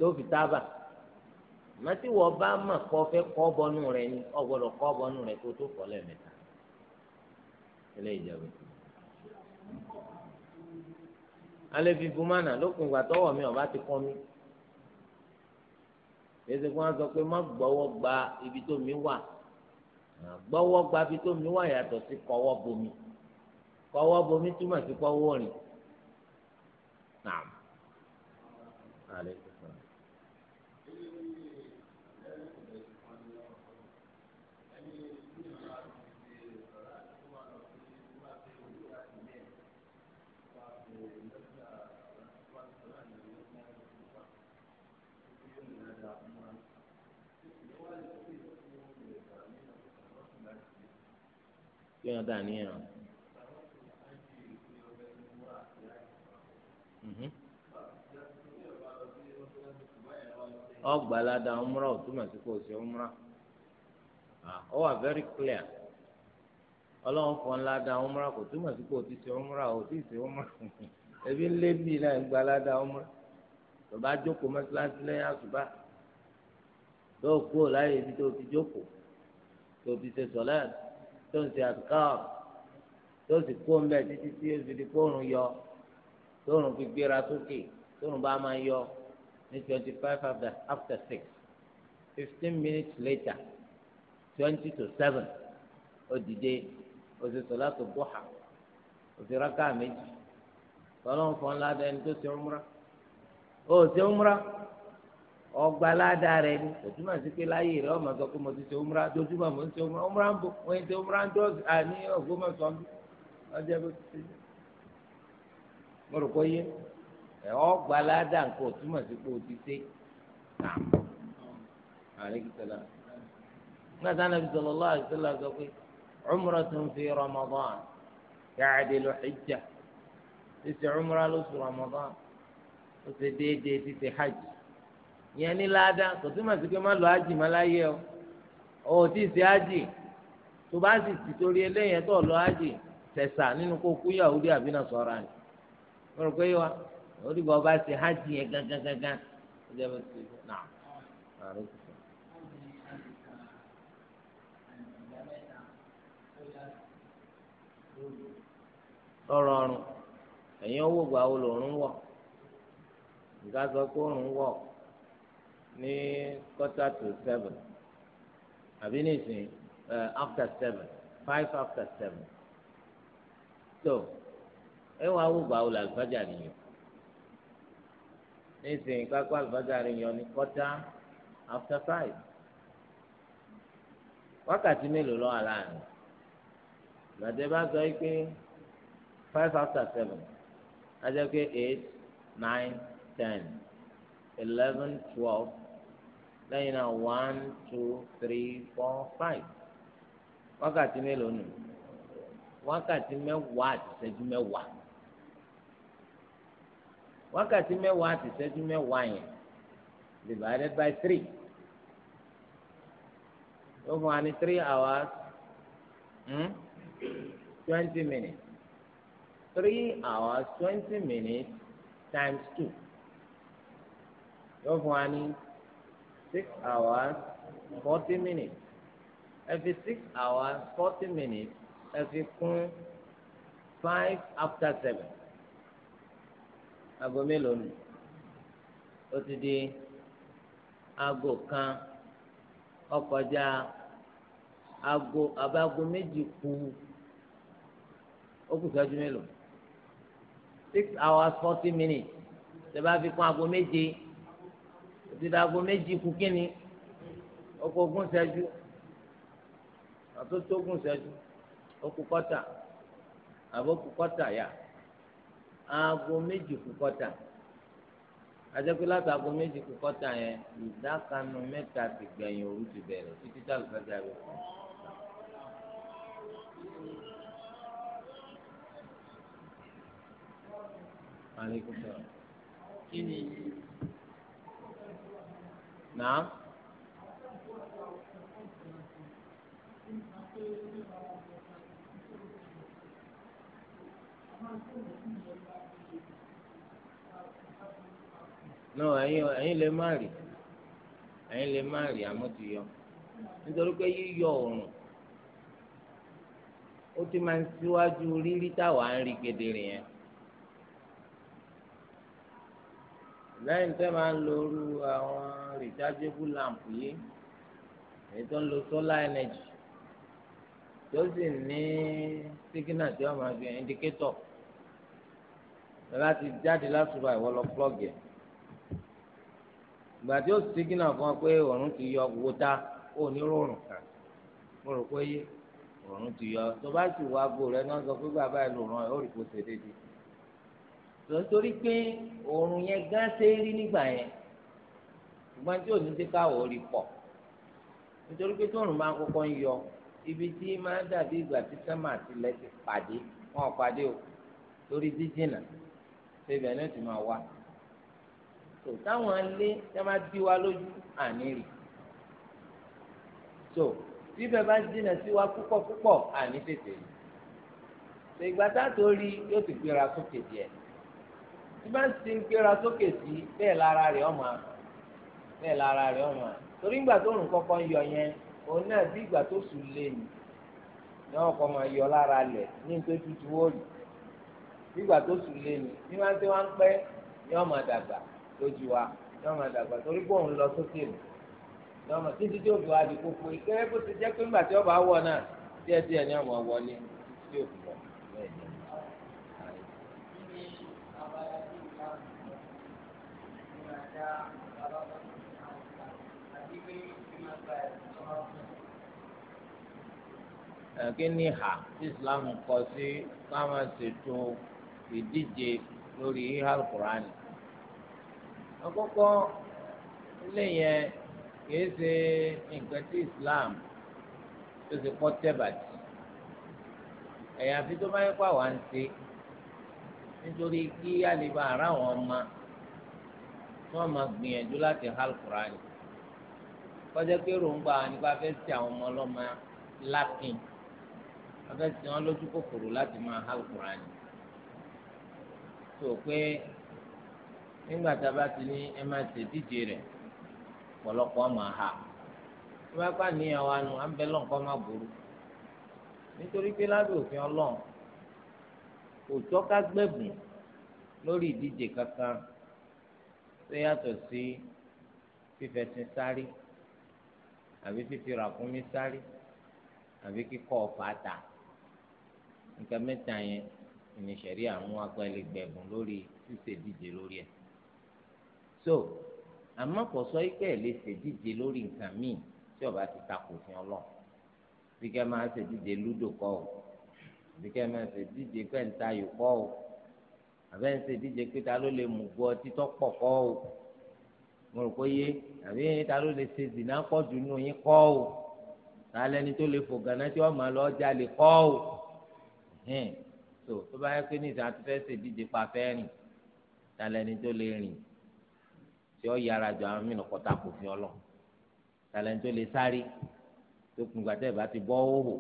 A: tó fi tábà màtí wọ́n bá mà kọ́ fẹ́ kọ́ bọ́nú rẹ ni o gbọ́dọ̀ kọ́ bọ́nú rẹ kó tó fọ́ lẹ́ẹ̀mẹ́ta ilé ìjọba alẹ́ fi bumana lókun ìgbà tọwọ́ mi ọba ti kọ́ mi èsì kí wọ́n sọ pé má gbọ́wọ́ gba ibi tó mi wà gbọ́wọ́ gba ibi tó mi wà yàtọ̀ sí kọ́wọ́ bomi kọ́wọ́ bomi túmọ̀ sí kọ́wọ́ rìn nàám. kí wọn dà níyàn. ọgbàládà ọmúra ò túmọ̀ sí kò sí ọmúra ó wà very clear ọlọ́run fọ́n ládà ọmúra kò túmọ̀ sí kò ti sí ọmúra ò tí ì sí ọmúra ẹbí ń lé bíi náà ń gbàládà ọmúra bàbá jókòó mọ́tíláṣí lẹ́yìn àṣùbà yóò kúrò láyé ibi tó ti jókòó tó ti ṣe sọlẹ tó ń ṣe àtúkàr tó sì kó ń bẹ títí tí ó fi di kóòrùn yọ tóòrùn fi gbéra sókè tóòrùn bá máa yọ ní twenty five after after six fifteen minutes later twenty to seven ó dìde ó ṣe sọlá tó bọ́hà ó ṣe rákà méjì tọ́lọ́mù fọ́nlá dẹni tó ṣe umra ó ṣe umra. ọgbà ládàá rẹ ni òtúmọ̀ sí pé láyé rẹ ọmọ sọ pé mo ti ṣe umra dojúmọ̀ mo ń ṣe umra umra ń bò mo ń ṣe umra ń dọ́ àní ògbómọ̀ṣọ́ mi ọjọ́ bó ti ṣe mo rò yé ọgbà ládàá nǹkan òtúmọ̀ sí pé o ti ṣe nígbàtà sọ pé fi Ramadan yẹn ní láàdá kò túmọ̀ sí pé má lọ ájì má láyé o ò tí ì sí ájì tó bá sì ti torí eléyẹn tó lọ ájì tẹ̀sà nínú kó kú Yahudi rò pé wa ó dìbò ọba ṣe ájì yẹn ó jẹ́ ní quarter to seven àbí nísìnyí after seven five after seven so ẹ wá wùgbà wo làlùfájà nìyẹn nísìnyí kákó àlùfájà nìyẹn ní quarter after five wákàtí mélòó lọ́wọ́ aláàánú gbàdé bá sọ pé five after seven ajẹ́ pé eight nine ten eleven twelve lẹ́yìn náà one two three four five wákàtí mélòó nù wákàtí mẹ́wàá àti ìṣẹ́jú mẹ́wàá wákàtí mẹ́wàá àti ìṣẹ́jú mẹ́wàá yẹn divided by three ó fún wa ní three hours hmm? twenty minutes three hours twenty minutes times two ó fún wa ní six hours forty minutes Every six hours forty minutes every fi five after seven aago mélòó nù ó ti di aago kan ọkọjá aago abago méjì kù ó kù sọ́jú mélòó six hours forty minutes ṣe bá fi kún aago méje ti dago méjì kú kínní oko ogún ṣẹ́jú àtúntò ogún ṣẹ́jú oku kọ́tà àbókù kọ́tà yá aago méjì kú kọ́tà adẹ́pẹ́ láti aago méjì kú kọ́tà yẹn ìdákanu mẹ́ta ti gbẹ̀yìn òru ti bẹ̀rẹ̀ títí táwọn ìfẹ́jà rẹ̀ kù. Aleykum salaam. Kí ni náà. no ẹ̀yin ẹ̀yin lè má rí ẹ̀yin lè má rí àmọ́ ti yọ nítorí pé yíyọ oòrùn ó ti máa ń síwájú rírí táwa ń rí kedere yẹn lẹ́yìn tẹ́ máa ń lo irú àwọn rechargeable lamp yìí èyí tó ń lo solar energy tó sì ní signal tí wọ́n máa fi indicator láti jáde lásùbà ìwọ lọ plug yẹ ìgbà tí ó signal fún ọ pé òòrùn ti yọ wota ó ní rọrùn kan mo rò pé òòrùn ti yọ tó bá sì wá gbòòrò ẹ náà sọ pé bàbá ẹ lò ràn ẹ ó rí kó ṣe déédéé nítorí pé oòrùn yẹn gán ṣe é rí nígbà yẹn ṣùgbọ́n tí òní ti káwọ́ orí pọ̀ nítorí pé tóòrùn máa kọ́kọ́ ń yọ ibi tí máa dàbí ìgbà tí sẹ́mà tilẹ̀ ti pàdé wọn ò pàdé o torí jíjìnà ṣe ibẹ̀ náà ti máa wá tó táwọn ilé tí wọ́n bá bí wa lójú àní rì tó bíbẹ̀ bá jìnà sí wa púpọ̀ púpọ̀ àní tètè rì ṣègbà tá a tó yóò ti gbéra sókè díẹ̀ tí bá ń ti ń gbéra sókè sí bẹ́ẹ̀ lára rẹ̀ ọmọ bẹ́ẹ̀ lára rẹ̀ ọmọ torí ìgbà tó rùn kọ́kọ́ ń yọ yẹn òun náà bí ìgbà tó sùn lé ni ní ọkọ̀ máa yọ lára lẹ̀ ní nítorí tuntun wọ́ọ̀lù bí ìgbà tó sùn lé ni bí wọ́n ti wá ń pẹ́ ní ọmọ dàgbà lójú wa ní ọmọ dàgbà torí pé òun lọ sókè nù ní ọmọ títí tí òfin wa di kókó ìkẹ́rẹ́ bó ti jẹ́ pé ńgbà tí ọba wọ̀ náà díẹ̀díẹ̀ ní kí ni ha tí islam kọ sí ká máa ṣètò ìdíje lórí híhá kùránì àkọ́kọ́ ilé yẹn kìí ṣe nǹkan tí islam tó ṣe kọ́ tẹ́bàtì ẹ̀yà àfi tó bá yẹ kó àwa ń ṣe nítorí kí àlebà ara wọn máa. wọn máa gbìyànjú láti há alukurani kọjá pé ròǹgbà nípa fẹ́ ti àwọn ọmọ ọlọ́mọ lápìn afẹ́ ti wọn lójú kòkòrò láti máa há alukurani tó pé nígbà tá a bá ti ní ẹ máa ṣe díje rẹ̀ pọ̀lọpọ̀ máa tó bá níyàwó anu à ń bẹ lọ́nkọ́ má burú nítorí pé lábẹ́ òfin tó yàtọ̀ sí fífẹsìn sáré àbí fífi ràkúnmí sáré àbí kíkọ́ ọ̀fà ta nǹkan mẹ́ta yẹn ìníṣẹ̀rí àwọn agbẹ́lẹ́gbẹ̀bùn lórí ṣíṣèdíje lórí ẹ̀. so àmọ́ kò sọ ike ẹ̀ lè ṣèdíje lórí nǹkan míì tí ọba ti takò fún ọ lọ bí kẹ́ máa ṣèdíje lúdò kọ́ ọ bí kẹ́ máa ṣèdíje pẹ́ńtayò kọ́ ọ àbẹ́ ń ṣe ìdíje pé ta ló lè mú gbọ́ títọ́ pọ̀ kọ́ o mo rò pé yé àbí ta ló lè ṣe zìnnà pọ̀ jù nù yín kọ́ o ta lẹni tó lè fò gànà tí wọ́n máa lọ jalè kọ́ o hẹ́n tó tó bá yẹ pé ní ìsàn àti fẹ́ ṣe ìdíje pa fẹ́ rìn ta lẹni tó lè rìn tí ó yára jọ àwọn mìíràn kọ́ta kò fi ọlọ́ ta lẹni tó lè sáré tó kùn gbàtẹ́ ìbá ti bọ́ òhò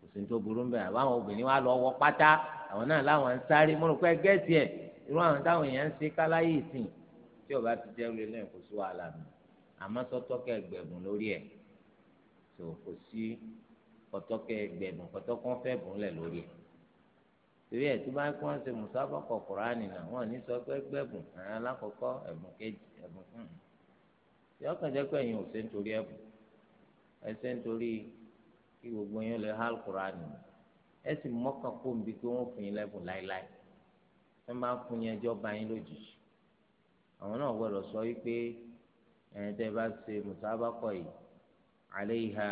A: kò sí ní tó burú mbẹ́ àbáwọn obìnrin wa lọ wọ pátá àwọn náà láwọn ń sáré mo rò pé gẹ́ẹ̀sì ẹ̀ irú àwọn táwọn èèyàn ń ṣe káláyé ìsìn tí ọba ti jẹ́ rẹ lẹ́yìn kò sí wàhálà mi àmọ́ sọ́tọ́kẹ́ ẹgbẹ̀bùn lórí ẹ̀ tó kò sí kọ́tọ́kẹ́ ẹgbẹ̀bùn kọ́tọ́kọ́ fẹ́ bùn lẹ̀ lórí ẹ̀ torí ẹ̀ tó bá kí wọ́n ṣe mùsàbọ̀kọ̀ kùránì náà wọ́n ní sọ pé gbẹ̀bùn àwọn alákọ̀ọ́kọ́ ẹ̀bùn kejì ẹ̀bùn fún un tí ọkàn jẹ́ pé ẹ̀yin ò ṣe nítorí ẹ̀bùn ẹ̀ ṣe nítorí kí gbogbo yín lè hàl kùránì ẹ sì mọ́kàn kó nbí pé wọ́n fún yín lẹ́bùn láéláé ẹ máa fún yín ẹjọ́ bá yín lójijì àwọn náà gbọ́dọ̀ sọ wípé ẹ̀yin tẹ́ bá ṣe mùsàbákọ̀ yìí alayha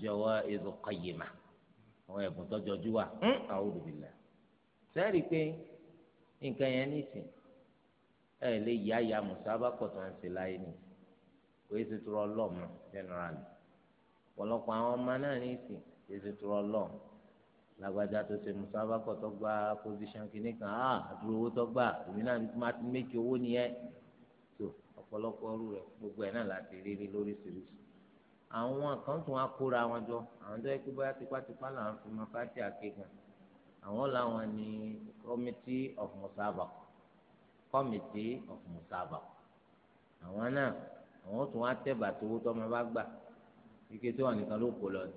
A: jawaiz qayyimah àwọn ẹ̀bùn tọ́jọ́jú wa a'udhu billah sẹ́ẹ̀rì pé nǹkan yẹn nìsín ẹ lè yá ya mùsàbákọ̀ tó ń ṣe láyé nìsín kò é ti turọ́ lọ́ọ̀mù generally ọ̀pọ̀lọpọ̀ àwọn ọmọ náà nìsín kò ti turọ́ lọ́ọ̀mù lágbájá tó ṣe musabakọ̀ tó gba position kìíní kan á àdúró owó tó gbà èmi náà má ti méjì owó nìyẹn tó ọ̀pọ̀lọpọ̀ ọrú rẹ̀ gbogbo ẹ̀ náà láti rí rí lóríṣiríṣi àwọn kan tún wọn jọ àwọn tó yẹ kó bá tipátipá là ń fi máa fáti àkékan àwọn làwọn ní committee of musabakọ̀ committee of musabakọ̀ àwọn náà àwọn tún á tẹ̀ bàtò owó tó máa bá gbà ike tó wà nìkan ló kó lọ ni.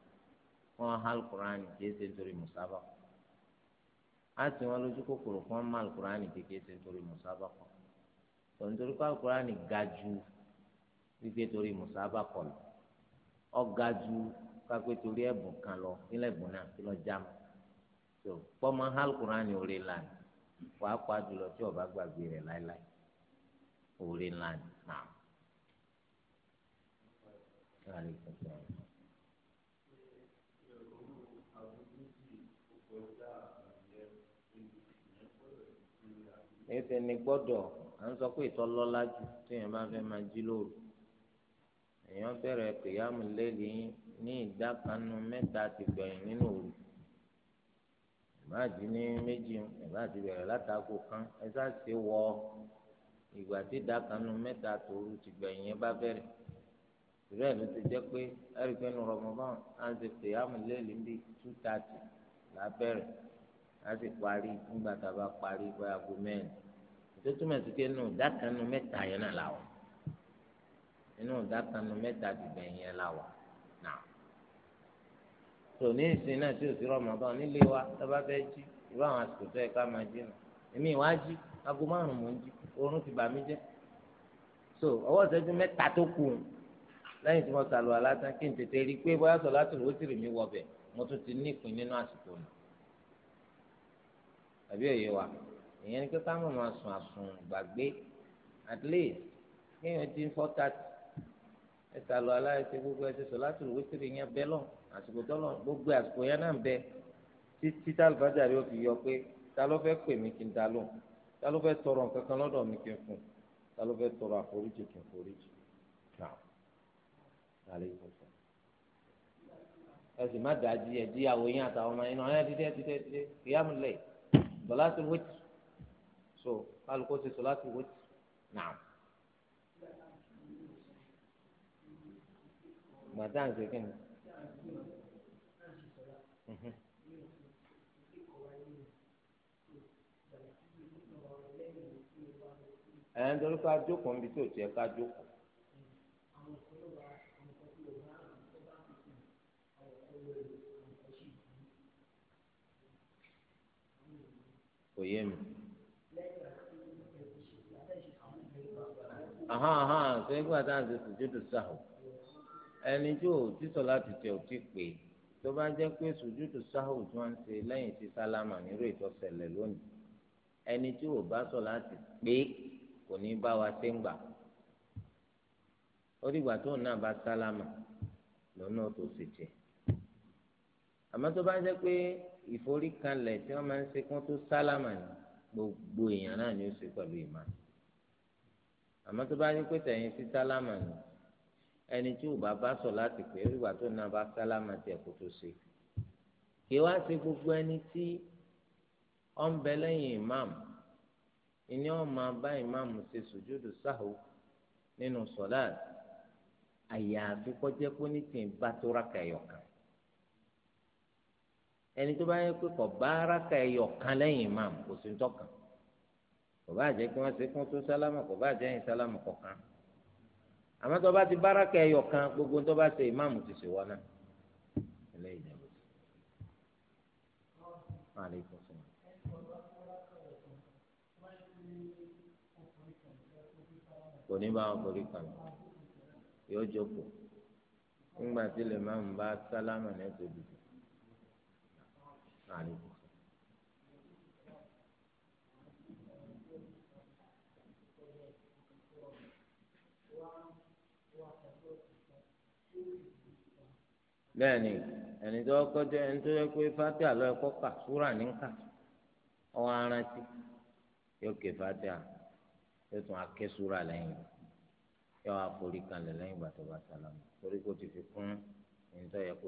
A: wọn ha alukurani kìí ṣe nítorí musaba a sì wọn lójú kòkòrò kí wọn má alukurani kìí nítorí musaba kọ tó nítorí kó alukurani ga wípé torí ọ ga kápẹ́ torí ẹ̀bùn kan lọ nílẹ̀ ẹ̀bùn náà kí lọ ha alukurani òre pa jùlọ tí ọba gbàgbé rẹ̀ láéláé òre náà. èyí ti ní gbọ́dọ̀ à ń sọ pé ìtọ́lọ́lá jù téèyàn bá fẹ́ máa jí lóru èèyàn bẹ̀rẹ̀ kìyàmù lẹ́lì ní ìdá kanu mẹ́ta ti gbẹ̀yìn nínú òru ìmáàjì ní méjì ìmáàjì bẹ̀rẹ̀ látago kan ẹ sáàsì wọ ìgbà tí ìdá kanu mẹ́ta tòru ti gbẹ̀yìn yẹn bá bẹ̀rẹ̀ ìrẹ́ ló ti jẹ́ pé ẹ̀rí pé nu Ramadan à ń ṣe kìyàmù lẹ́lì bíi two thirty lábẹ́rẹ̀ a sì parí nígbà tá a bá parí bóyá aago mẹ́rin tó túmọ̀ sí pé nù dákanu mẹ́ta yẹn náà la wà inú dákanu mẹ́ta dìbẹ̀ yẹn la wà náà tò ní ìsìn náà tí òsì rọmọdán nílé wa tábà fẹ́ jí irú àwọn àsìkò tó yẹ ká máa jí nù èmi ìwá jí aago márùn mò ń jí oorun ti bà mí jẹ́ so ọwọ́ ìṣẹ́jú mẹ́ta tó kù lẹ́yìn tí mo sàlùwà lásán kí n tètè rí i pé bóyá sọ láti ó sì rì mí wọ bẹ̀ mo tún ti ní ìpín nínú àsìkò náà àbí òye wa ìyẹn ni pé ká mọ̀ sùn àsùn gbàgbé at least kéèyàn ti ń fọ́ tàtì ẹ̀ta lọ aláìsí gbogbo ẹ̀sìn sọ láti lùwé síbi yẹn bẹ́ lọ àsìkò tọ́lọ̀ gbogbo àsìkò yẹn náà ń bẹ títí tálùbájà rẹ ó fi yọ pé ta ló fẹ́ pè mí kí n dá lóhùn ta ló fẹ́ tọrọ nǹkan kan lọ́dọ̀ mi kí n fún ta ló fẹ́ tọrọ àforíjì kí n foríjì ẹ sì má dájú ẹ díyàwó yín àtàwọn ọmọ yín náà ẹ dídé dídé dídé kìyàmù lẹ́yìn sọláàtì wítì so kálukó ṣe sọláàtì wítì náà. gbàtà ń ṣe kí ni. Mhm. ẹ̀ ń dorí ká jókòó níbi tí ò tiẹ̀ ká jókòó. kò yé mi. ahán ahán tó ń tá à ń ṣe sùjúdù sáhù ẹni tí ò tí sọ láti tẹ ò tí pè é tó bá jẹ́ pé sùjúdù sáhù tí ń ṣe tí sálámà nírò lónìí ẹni tí ò wa ṣe ń gbà ó dìgbà tóun náà bá sálámà lọ́nà tó ṣe àmọ́ tó bá ń jẹ́ pé ìforíkanlẹ̀ tí wọ́n máa ń ṣe kí tó sálámà ní gbogbo èèyàn náà ni ó ṣe pẹ̀lú ìmọ̀ àmọ́ tó bá ní pé tẹ̀yìn sí sálámà ní ẹni tí òbá bá sọ láti pé ẹrúgbà tó náà bá sálámà tiẹ̀ kó tó ṣe kí wá ṣe gbogbo ẹni tí ó ń bẹ lẹ́yìn ìmáàmù ìní ọ̀ máa bá ìmáàmù ṣe sùjúdù sáhù nínú sọ̀láàtì àyàfi kọjá pé ní tì ń bá tó rákà ẹni tó bá yẹ pé kò bá araka ẹyọ kan lẹ́yìn imam kò sí tọkàn kò bá jẹ́ kí wọ́n ṣe fún tó sálámà kò bá jẹ́ yín sálámà kọ̀ọ̀kan àmọ́ tó bá ti bá araka ẹyọ kan gbogbo tó bá ṣe imam ti ṣe wọ́n náà ẹlẹ́yìn ìjọba ti.
B: kò ní bá wọn forí kan
A: yóò jókòó nígbà tí lè máa ń bá sálámà ní ẹsẹ̀ dùdú. عليكم bẹ́ẹ̀ni ẹni tó kọ́ ẹni tó yẹ pé fati àlọ́ ẹ̀kọ́ kà súrà ní kà yóò ké fati à yóò tún aké lẹ́yìn yóò wá forí lẹ́yìn torí kó ti fi kún ẹni tó yẹ kó